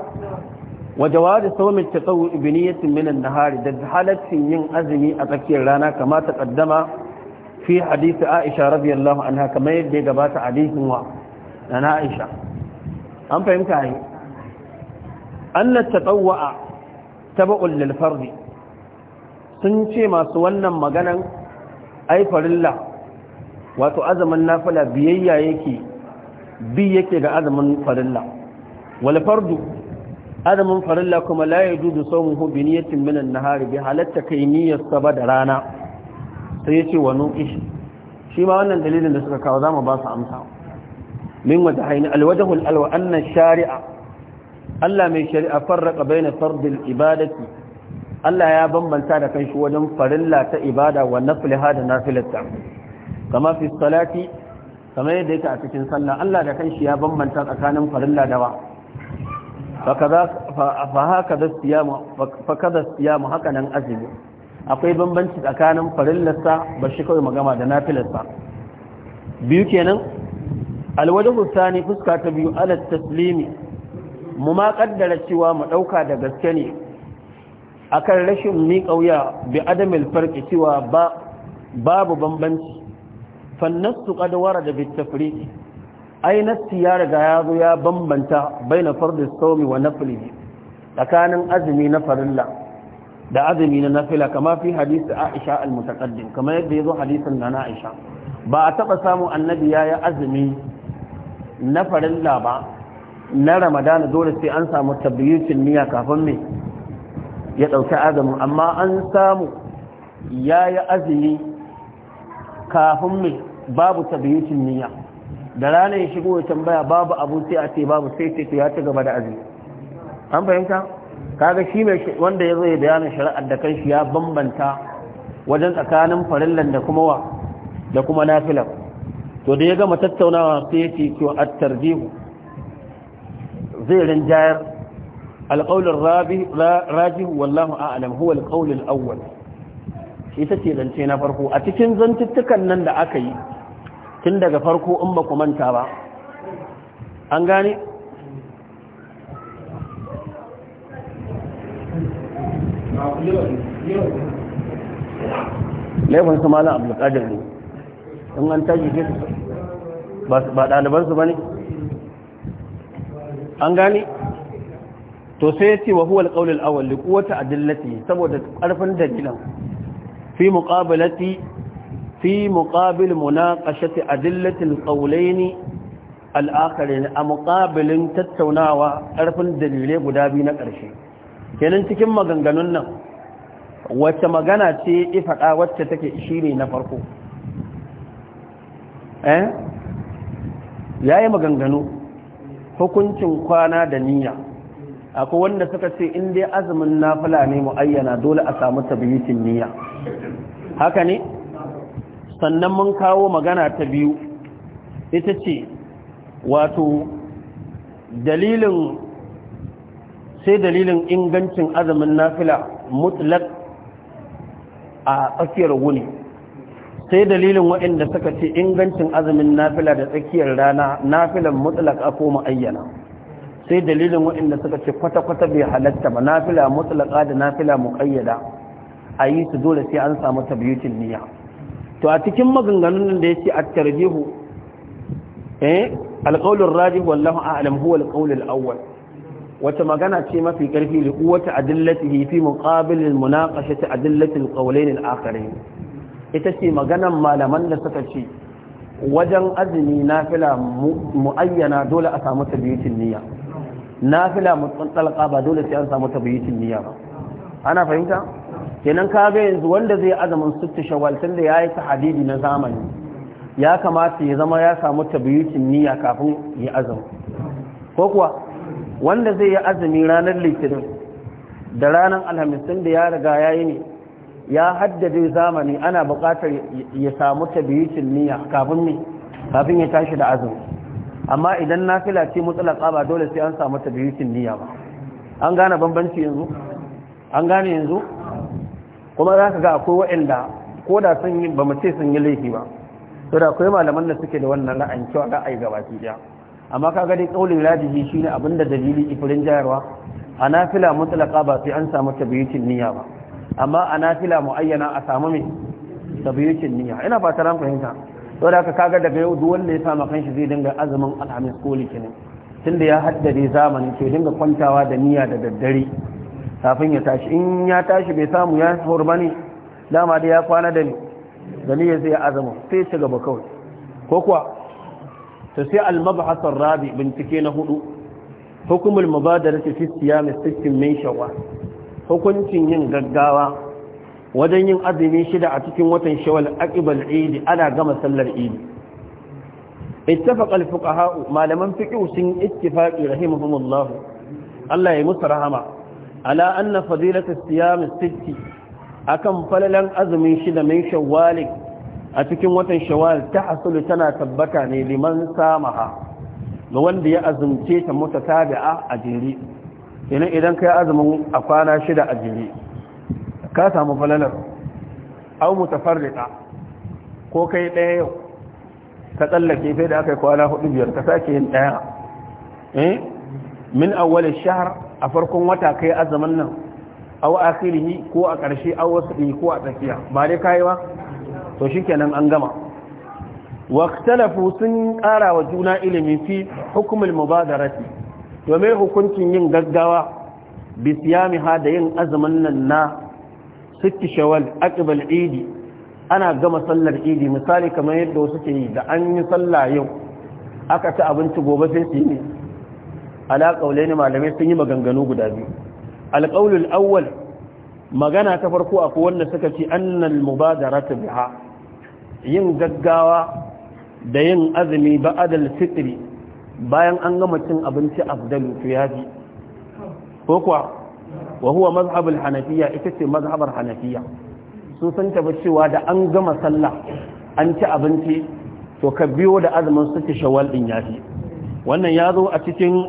wa jawazi sawmi taqawu ibniyatin min an-nahari da halatin yin azumi a tsakiyar rana kamata kaddama fi hadisi Aisha radiyallahu anha kamar yadda ya gabata hadisin wa na Aisha an fahimta ai annat tatawwa tabu'ul lil sun ce masu wannan maganan ai wato azumin nafila biyayya yake bi yake ga azumin farilla wal azumin farilla kuma la yajudu sawmuhu bi niyyatin min na nahari bi halatta kai niyyar saba da rana sai yace wa nuqish shi ma wannan dalilin da suka kawo zamu ba su amsa min wata haini wajhu al shari'a Allah mai shari'a farraka baina fardin ibadati Allah ya bambanta da kanshi wajen farilla ta ibada wa nafliha da nafilata kama fi salati kamar yadda yake a cikin sallah Allah da kanshi ya bambanta tsakanin farilla da wa fa haka da siyama fa kada haka nan azumi akwai bambanci tsakanin farillarsa ba shi kawai magama da nafilarsa biyu kenan alwajahu Hussani, fuska ta biyu ala taslimi mu ma kaddara cewa mu dauka da gaske ne akan rashin mi kauya bi adamil farqi cewa ba babu bambanci fannasu qad warada bit tafriqi ai ya riga ya zo ya bambanta baina fardis sawmi wa naflihi tsakanin azumi na farilla da azumi na nafila kama fi hadisi Aisha al-mutaqaddim kama yadda yazo hadisin na Aisha ba a taba samu annabi yayi azumi na farilla ba na ramadana dole sai an samu tabbiyyucin niyya kafin mai ya ɗauki azumin amma an samu ya yi azumi kafin mai babu tabbiyyucin niyya da ranar ya shigo ya tambaya babu abu sai a ce babu sai ce ya ci gaba da azumi an fahimta kaga shi mai wanda ya zai bayanan shari'ar da kanshi ya bambanta wajen tsakanin farillan da kuma wa da kuma nafilan to da ya gama tattaunawa sai ya ce tarjihu zai rinjayar alƙaunin raji wallahu a'alam huwa alƙaunin awwal ita ce zance na farko a cikin zantuttukan nan da aka yi tun daga farko in ba ku manta ba an gane laifin su malam abdulkadir ne in an tashi ba ɗalibansu ba ne an gane to sai ya ce wa huwa alqawl alawwal li quwwati adillati saboda karfin dalilan fi muqabalati fi muqabil munaqashati adillati alqawlayn al'akharin a muƙabilin tattaunawa ƙarfin dalilai guda biyu na ƙarshe kenan cikin maganganun nan wacce magana ce ifaɗa wacce take shine na farko eh yayi maganganu hukuncin kwana da niyya akwai wanda suka ce in dai azumin nafila ne mu ayyana dole a samu tabbitin niyya haka ne sannan mun kawo magana ta biyu ita ce wato dalilin sai dalilin ingancin azumin nafila mutlak a tsakiyar wuni sai dalilin waɗanda suka ce ingancin azumin nafila da tsakiyar rana nafilan a koma ayyana. sai dalilin waɗanda suka ce kwata-kwata bai halatta ba nafila mutlaka da nafila muqayyada a yi su dole sai an samu tabiyyutin niyya to a cikin maganganun da yace a tarjihu eh alqawlur rajih wallahu a'lam huwa alqawlul awwal wata magana ce mafi karfi da quwwati adillatihi fi muqabil al-munaqashati adillati al-qawlayn al-akharin ita ce maganan malaman da suka ce wajen azumi fila mu'ayyana dole a samu tabiyutin niyya fila mutsun talqa ba dole sai an samu tabiyutin niyya ba ana fahimta kenan ka ga yanzu wanda zai azumin sittu shawal tun da ya yi ta hadidi na zamani ya kamata ya zama ya samu tabiyutin niyya kafin ya azumi ko kuwa wanda zai yi azumi ranar litinin da ranar alhamis tun da ya riga ya yi ne ya haddade zamani ana buƙatar ya samu tabiyicin niyya kafin ne kafin ya tashi da azumi amma idan nafila ce mutsalaka ba dole sai an samu tabiyicin niyya ba an gane bambanci yanzu an gane yanzu kuma za ka ga akwai waɗanda ko da sun yi ba mu ce sun yi laifi ba to da akwai malaman da suke da wannan ra'ayin cewa ra'ayi gabaki ɗaya amma ka ga dai kaulin rajihi shine abinda dalili ifirin jayarwa a nafila mutsalaka ba sai an samu tabiyicin niyya ba amma a nafila ayyana a samu mai tabiyyacin niyya ina fata ta ran fahimta da ka kaga daga yau duk wanda ya sa sama shi zai dinga azumin alhamis ko litinin tunda ya haddade zamani ke dinga kwantawa da niyya da daddare kafin ya tashi in ya tashi bai samu ya sahur bane dama da ya kwana da ni da niyya zai azama sai shiga ba kawai ko kuwa to sai al-mabhath rabi bincike na hudu hukumul mubadarati fi siyam sittin min shawwal hukuncin yin gaggawa wajen yin azumi shida a cikin watan shawal aqibal idi ana gama sallar idi ittafaqa al-fuqaha malaman fiqh sun ittifaqi rahimahumullah Allah ya musu rahama ala anna fadilatu siyam sitti akan falalan azumin shida min shawwal a cikin watan ta tahsulu tana tabbata ne liman samaha ga wanda ya azumce ta tabia a jere ina idan kai azumin a kwana shida a jiri ka samu falalar au mutafarrika ko kai ɗaya yau ka tsallake sai da aka yi kwana hudu biyar ka sake yin ɗaya eh min awwalin shahar a farkon wata kai azumin nan au akhirihi ko a ƙarshe au wasu ko a tsakiya ba dai kayi ba to shikenan an gama sun ƙara wa juna ilimi fi حكم mubadarati to hukuncin yin gaggawa bi da yin azumin nan na sitti shawal aqbal idi ana gama sallar idi misali kamar yadda wasu ke yi da an yi sallah yau aka ci abinci gobe sai su yi ala ne malamai sun yi maganganu guda biyu alqaulul awwal magana ta farko a wanda suka ce annal mubadaratu biha yin gaggawa da yin azumi ba'adal fitri bayan an gama cin abinci afdalu to ya ji ko kuwa wa huwa al hanafiya ita ce mazhabar hanafiyya su san ba cewa da an gama sallah an ci abinci to ka biyo da azumin suke shawal din ji wannan ya zo a cikin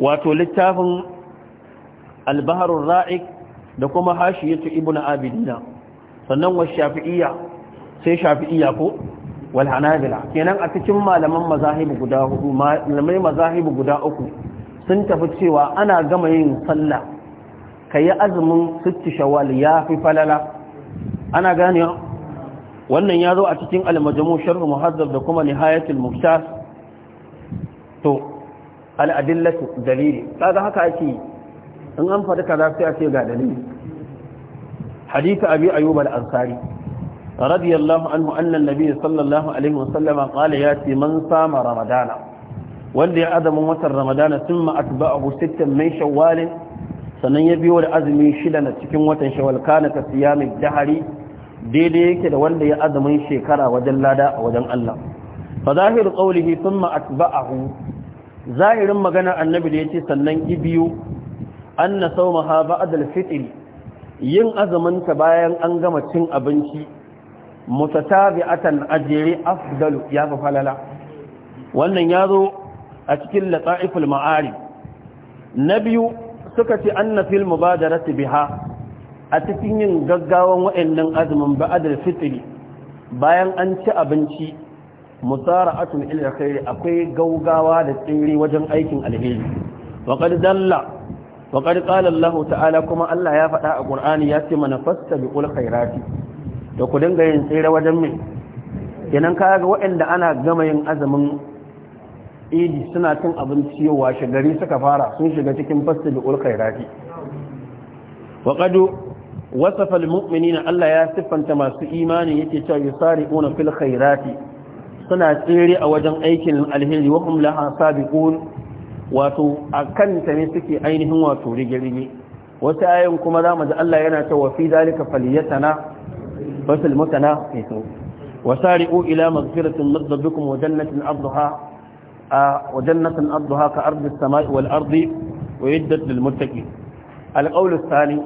wato littafin albaharun ra'ik da kuma hashiyatu ibnu abidina sannan wa shafi'iyya sai shafi'iyya ko walhanabila kenan a cikin malaman mazahibu guda hudu malamai mazahibu guda uku sun tafi cewa ana gama yin sallah kayi azumin sitti shawwal ya fi falala ana gane wannan ya zo a cikin al-majmu muhazzab da kuma nihayatul muhtas to al-adillatu dalili kaga haka ake in an faɗi kaza sai a ce ga dalili hadisi abi ayyub al-ansari رضي الله عنه أن النبي صلى الله عليه وسلم قال ياتي من صام رمضان واللي أدم وتر رمضان ثم أتبعه ستا من شوال sannan ya biyo da azumi shida na cikin watan shawal kana siya mai dahari daidai yake da wanda ya azumin shekara wajen lada a wajen Allah fa zahiru qawlihi thumma atba'ahu zahirin magana annabi da yace sannan ibiyu anna sawmaha ba'da al-fitr yin azumin ta bayan an gama cin abinci mutatabi'atan ajri Afdal ya fa falala wannan yazo a cikin lataiful ma'ari na biyu suka ci anna fil mubadarati biha a cikin yin gaggawan wa'annan azumin ba'adar fitri bayan an ci abinci musara'atun ila khairi akwai gaugawa da tsiri wajen aikin alheri wa qad dalla wa qad qala Allah ta'ala kuma Allah ya faɗa a Qur'ani ya ce mana fastabiqul khairati da ku dinga yin tsere wajen mai kenan kaya ga waɗanda ana gama yin azumin idi suna cin abinci yau washe suka fara sun shiga cikin fasta da ulkai rafi wa qadu wasafa almu'minina Allah ya siffanta masu imani yake cewa yusari'una fil khairati suna tsere a wajen aikin alheri wa hum laha sabiqun wato akan ta ne suke ainihin wato rige-rige wata ayin kuma zamu ji Allah yana cewa fi dalika falyatana basul mutana fi so wasari'u ila maghfiratin min rabbikum wa jannatin arduha wa jannatin arduha ka ardi as-sama'i wal ardi wa iddat lil muttaqin al-qawl ath-thani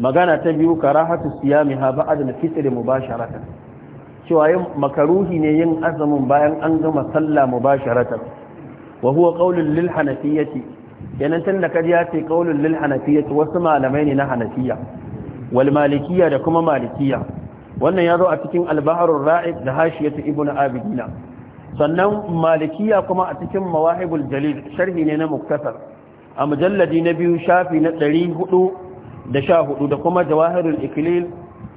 magana ta biyu karahatu siyamiha ba'da al-fitr mubasharatan cewa ne yin azumin bayan an gama sallah mubasharatan wa huwa qawlun lil ya wasu malamai ne na hanafiyya Walmalikiya da kuma malikiya wannan ya zo a cikin albaharun ra'ib da hashiyatu ibnu abidina sannan malikiya kuma a cikin mawahibul jalil sharhi ne na muktasar a mujalladi na biyu shafi na 414 da kuma jawahirul ikilil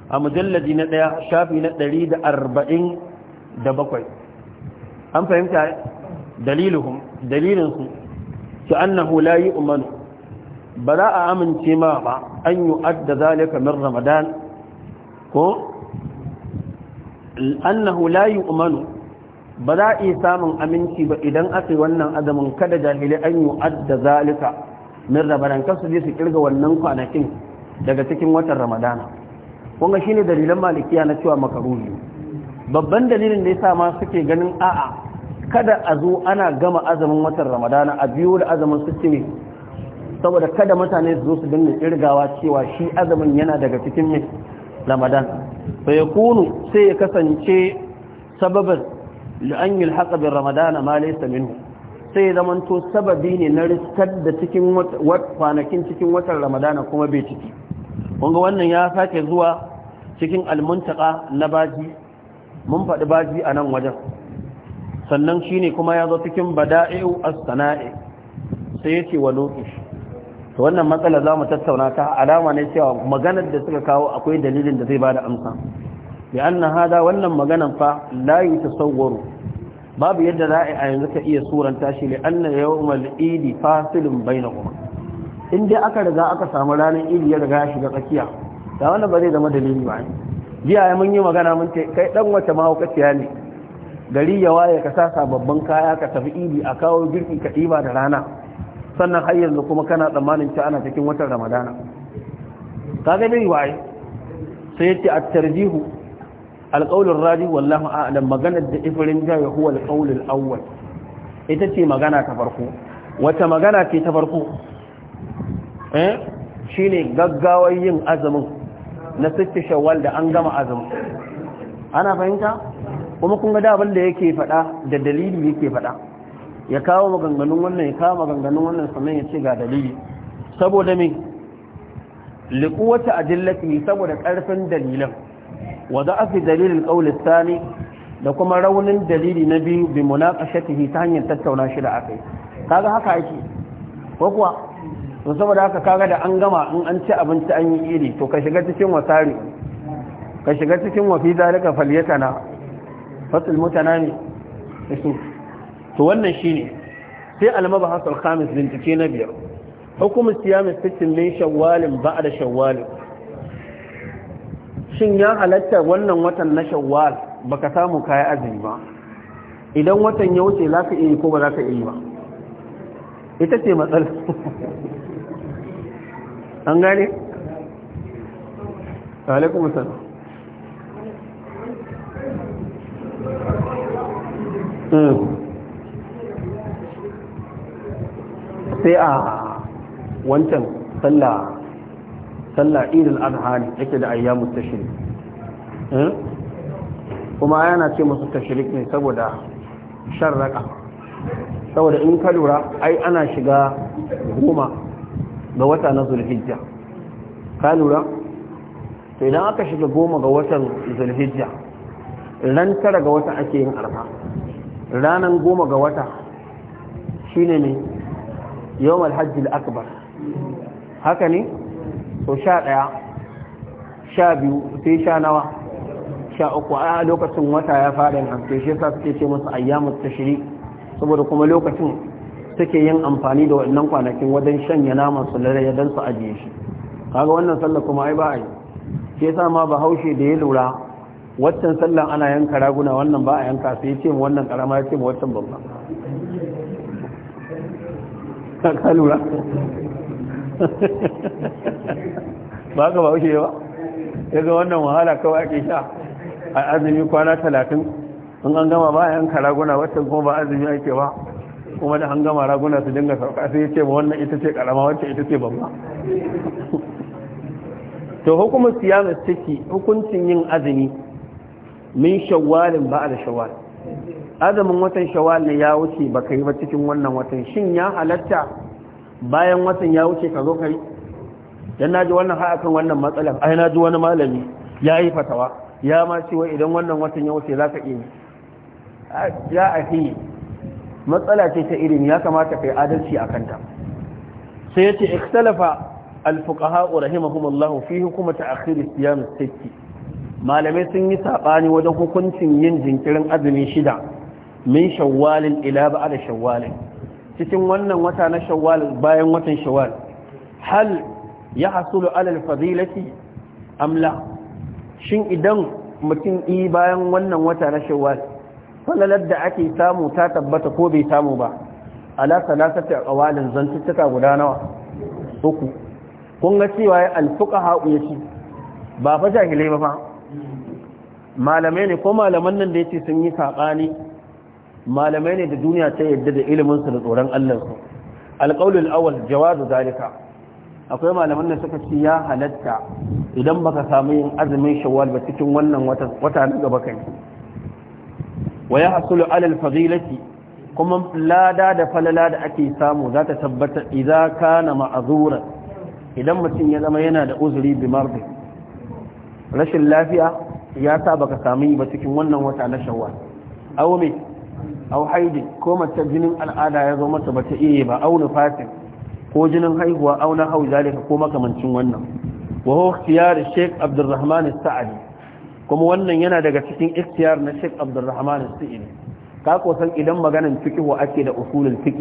a mujalladi na daya shafi na 147 an fahimta daliluhum dalilinsu su annahu la yu'manu ba za a amince ma ba an yi adda zalika min ramadan ko annahu la yu'manu ba za a iya samun aminci ba idan aka yi wannan azumin kada jahilai an yi adda zalika min ramadan kasu su su kirga wannan kwanakin daga cikin watan ramadana kun ga shine dalilan malikiya na cewa makaruhi babban dalilin da yasa ma suke ganin a'a kada a zo ana gama azumin watan ramadana a biyo da azumin su saboda kada mutane su zo su dinga kirgawa cewa shi azumin yana daga cikin mai ramadan fa kunu sai ya kasance sababan la'an yulhaqa bi ramadan ma laysa minhu sai ya zamanto sababi ne na riskar da cikin kwanakin cikin watan ramadana kuma bai ciki kunga wannan ya sake zuwa cikin almuntaka na baji mun faɗi baji a nan wajen sannan shine kuma ya zo cikin bada'i'u as-sana'i sai ya ce wa lokaci to wannan matsala za mu tattauna ta alama ne cewa maganar da suka kawo akwai dalilin da zai ba da amsa bi anna hada wannan maganan fa la yutasawwaru babu yadda za a yanzu ka iya suranta tashi li anna yawmal idi fasilun bainakum in dai aka riga aka samu ranar idi ya riga ya shiga tsakiya da wannan ba zai zama dalili ba jiya mun yi magana mun ce kai dan wata mahaukaciya ne gari ya waye ka sa sababbin kaya ka tafi idi a kawo girki ka ɗiba da rana sannan har yanzu kuma kana tsammanin ta ana cikin watan ramadana ka ga bai waye sai yace at-tarjihu al-qawl ar-rajih wallahu a'lam maganar da ifirin ja ya huwa al al-awwal ita ce magana ta farko wata magana ce ta farko eh shine gaggawar yin azumin na sitti shawwal da an gama azumin ana fahimta kuma kun ga da abin da yake faɗa da dalili yake faɗa ya kawo maganganun wannan ya kawo maganganun wannan sannan ya ce ga dalili saboda me liquwata adillati saboda karfin dalilan wa da'afi dalilin qawl thani da kuma raunin dalili na biyu bi munaqashatihi ta hanyar tattauna shi da akai kaga haka yake ko kuwa to saboda haka kaga da an gama in an ci abinci an yi iri to ka shiga cikin wasari ka shiga cikin wafi zalika falyatana fatul mutanen isu to wannan shine sai al-mabahas al-khamis bincike na biyar hukumin siyami sittin min shawwalin ba'da shawwalin shin ya halatta wannan watan na shawwal baka samu kai azumi ba idan watan ya wuce za ka iya ko ba za ka iya ba ita ce matsala [laughs] an gane? alaikum salam Mm-hmm. sai a wancan sallah sallah idul adha yake da ayyamu tashri hmm? kuma yana ce musu tashirik ne saboda sharraka saboda in ka lura ai ana shiga goma ga wata na zulhijja ka lura to idan aka shiga goma ga watan zulhijja ran tara ga wata ake yin arfa ranan goma ga wata shine ne يوم hajji الأكبر haka ne so sha ɗaya sha biyu sai sha nawa sha uku a lokacin wata ya faɗin hamsin shi ce masu ayyamu ta shiri saboda kuma lokacin suke yin amfani da waɗannan kwanakin wajen shanya naman su lalle don su ajiye shi kaga wannan sallah kuma ai ba a yi sa ma bahaushe da ya lura waccan sallan ana yanka raguna wannan ba a yanka sai ya ce wannan karama ya ce waccan babba ka lura ba ka ba wuce ba ya ga wannan wahala kawai ake sha a azumi kwana talatin in an gama ba yanka raguna wacce kuma ba azumi ake ba kuma da an gama raguna su dinga sauka sai ya ce ba wannan ita ce karama wacce ita ce babba to hukumar siyama ciki hukuncin yin azumi min shawwalin ba da shawwal azumin watan shawwal ne ya wuce baka yi ba cikin wannan watan shin ya halatta bayan watan ya wuce ka zo kai dan naji wannan har akan wannan matsalan ai naji wani malami ya yi fatawa ya ma cewa idan wannan watan ya wuce zaka iya ya afi matsala ce ta ilimi ya kamata kai adalci akan ta sai yace ikhtalafa al-fuqaha rahimahumullah fi hukumati akhir siyam as-sitti malamai sun yi saɓani wajen hukuncin yin jinkirin azumi shida min shawwalin ila ba'da shawwalin cikin wannan wata na shawwal bayan watan shawwal hal ya hasulu alal fadilati amla shin idan mutum yi bayan wannan wata na shawwal falalar da ake samu ta tabbata ko bai samu ba ala salasati qawalin zantuttuka guda nawa uku kun ga cewa alfuka alfuqaha yace ba fa jahilai ba fa malamai ne ko malaman nan da yace sun yi sabani malamai ne da duniya ta yadda da ilimin su da tsoron Allah su awal awwal jawazu zalika akwai malaman da suka ce ya halatta idan baka samu yin azumin shawwal ba cikin wannan wata na gaba kai wa yahsulu ala alfadilati kuma lada da falala da ake samu za ta tabbata idza kana ma'zuran idan mutum ya zama yana da uzuri bi marbi rashin lafiya ya sa baka samu ba cikin wannan wata na shawwal aw au haidi ko mace jinin al'ada ya zo mata bata iya ba auna fatin, ko jinin haihuwa auna na hau zalika ko makamancin wannan wa huwa ikhtiyar Sheikh Abdulrahman Sa'adi kuma wannan yana daga cikin ikhtiyar na Sheikh Abdulrahman Sa'di ka ko san idan maganan fiqh ake da usulul fiqh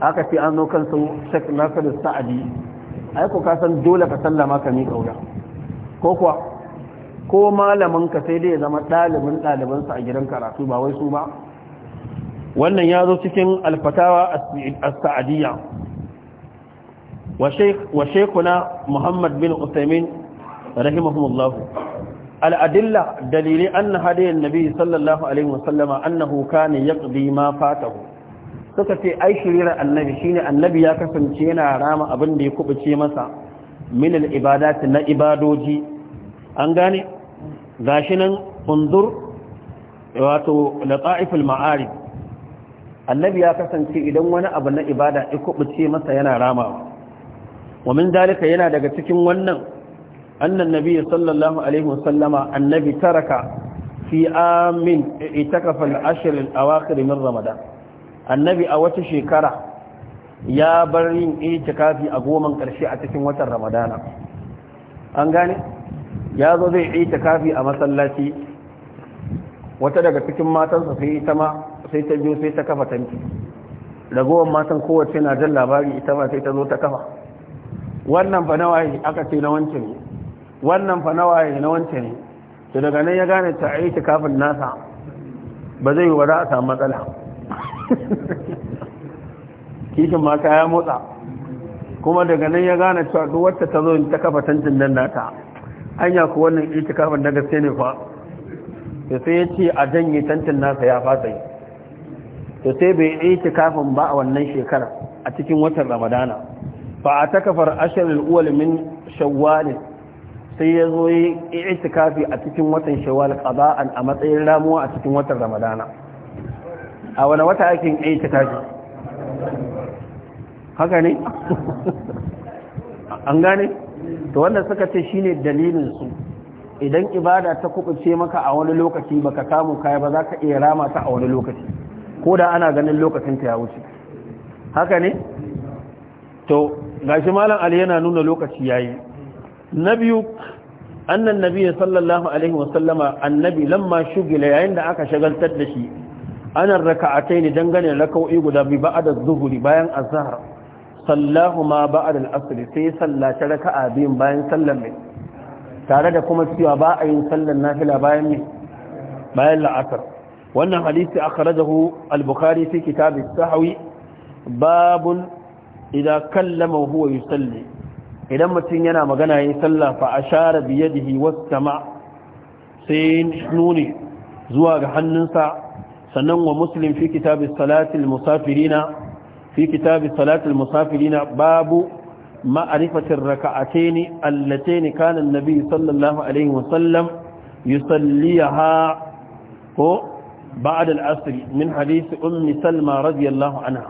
aka ce an zo kan su Sheikh Nasir Sa'adi ai ko ka san dole ka sallama ka mi kaura ko kuwa ko malamin ka sai dai ya zama ɗalibin ɗalibansa a gidan karatu ba wai su ba wannan ya zo cikin alfatawa a saadiyya wa shaykh wa muhammad bin usaymin rahimahumullah al-adilla dalili anna hadiyan nabi sallallahu alaihi wasallama annahu kana yaqdi ma fatahu suka ce ai shirira annabi shine annabi ya kasance yana rama abin da ya kubuce masa minin al na ibadoji an gane gashi nan undur wato lata'iful ma'arif annabi ya kasance idan wani abu na ibada ya kubuce masa yana ramawa wa min dalika yana daga cikin wannan annan nabi sallallahu alaihi wasallama annabi taraka fi amin itakafa al-ashr al-awakhir min ramadan annabi a wata shekara ya bar yin itikafi a goman karshe a cikin watan ramadana an gane ya zo zai yi kafi a masallaci wata daga cikin matansa sai ita ma sai ta biyo sai ta kafa tanki ragowar matan kowace na jan labari ita ma sai ta zo ta kafa wannan fa na waye aka ce na wancan ne wannan fa na waye na wancan ne to daga nan ya gane ta aiki kafin nasa ba zai yi wa za a samu matsala [laughs] kishin ma ya motsa kuma daga nan ya gane cewa duk wacce ta zo ta kafa tantin nan nata anya ku wannan itikafin da gaske ne fa to sai ya ce a janye tantin nasa ya fasa yi to sai bai itikafin ba a wannan shekarar a cikin watan ramadana fa a takafar ashirin uwal min shawwalin sai ya zo yi itikafi a cikin watan shawwal qada'an a matsayin ramuwa a cikin watan ramadana a wani wata ake itikafi haka ne [laughs] an gane to wanda suka ce shine dalilin su idan ibada ta kubuce maka a wani lokaci baka samu kaya ba zaka iya rama ta a wani lokaci ko da ana ganin lokacin ta ya wuce haka ne to gashi malam ali yana nuna lokaci yayi na annan nabi sallallahu alaihi wasallama annabi lamma shugila yayin da aka shagaltar da shi anan raka'atai ne dangane raka'o'i guda biyu ba'da zuhuri bayan azhar sallahu ma ba al-asr sai sallata raka'a biyun bayan sallar mai tare da kuma cewa ba a yin sallar nafila bayan mai bayan la'asar wannan hadisi akhrajahu al-bukhari fi kitab as babun idza kallama huwa salli. idan mutum yana magana yin salla fa ashara bi yadihi was-sama sai nuni zuwa ga hannunsa sannan wa muslim fi kitab as-salati musafiri musafirina fi kitabi salatul musafirina babu ma'arifatin raka'ataini allataini kana annabi sallallahu alaihi wasallam yusalliha ko ba'da al-asr min hadith ummi salma radiyallahu anha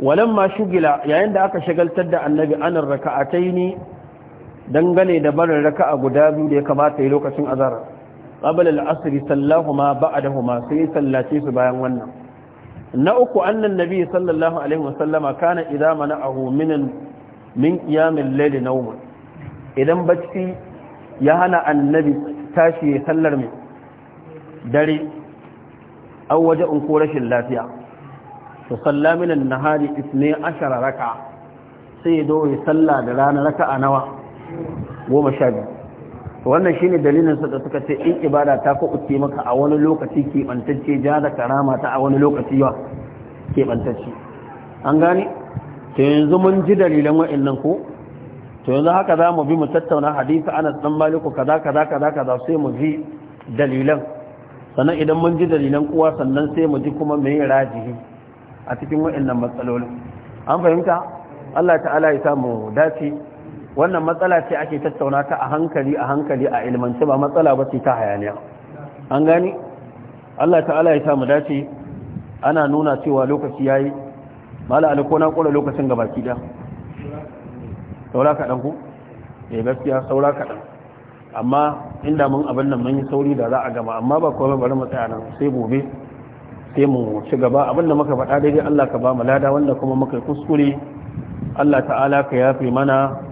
walamma shugila yayin da aka shagaltar da annabi anan raka'ataini dangane da barin raka'a guda biyu da ya kamata yi lokacin azara. qabla al-asr sallahuma ba'dahuma sai sallace su bayan wannan na uku annan nabi sallallahu alaihi wasallama kana idza mana'ahu min min qiyamil layli nawm idan bacci ya hana annabi tashi ya sallar mai dare aw waje in ko rashin lafiya to salla min an-nahari 12 raka'a sai do ya salla da rana raka'a nawa 12 wannan shine dalilin su da suka ce in ibada ta ko uke maka a wani lokaci keɓantacce ja da karama ta a wani lokaci ke bantacce. an gane to yanzu mun ji dalilan wa'annan ko to yanzu haka za mu bi mu tattauna hadisi anas dan maliku kaza kaza kaza kaza sai mu ji dalilan sannan idan mun ji dalilan kuwa sannan sai mu ji kuma me rajihi a cikin wa'annan matsalolin an fahimta Allah ta'ala ya samu dace wannan matsala ce ake tattauna ta a hankali a hankali a ilmance ba matsala ba ce ta hayaniya an gani Allah ta'ala ya samu dace ana nuna cewa lokaci yayi mala na kula lokacin gaba ki da saura kaɗan ku eh gaskiya saura kaɗan amma inda mun abin nan mun yi sauri da za a gama amma ba komai bari mu tsaya nan sai gobe sai mu ci gaba abin da muka faɗa daidai Allah ka ba mu lada wanda kuma muka kuskure Allah ta'ala ka yafe mana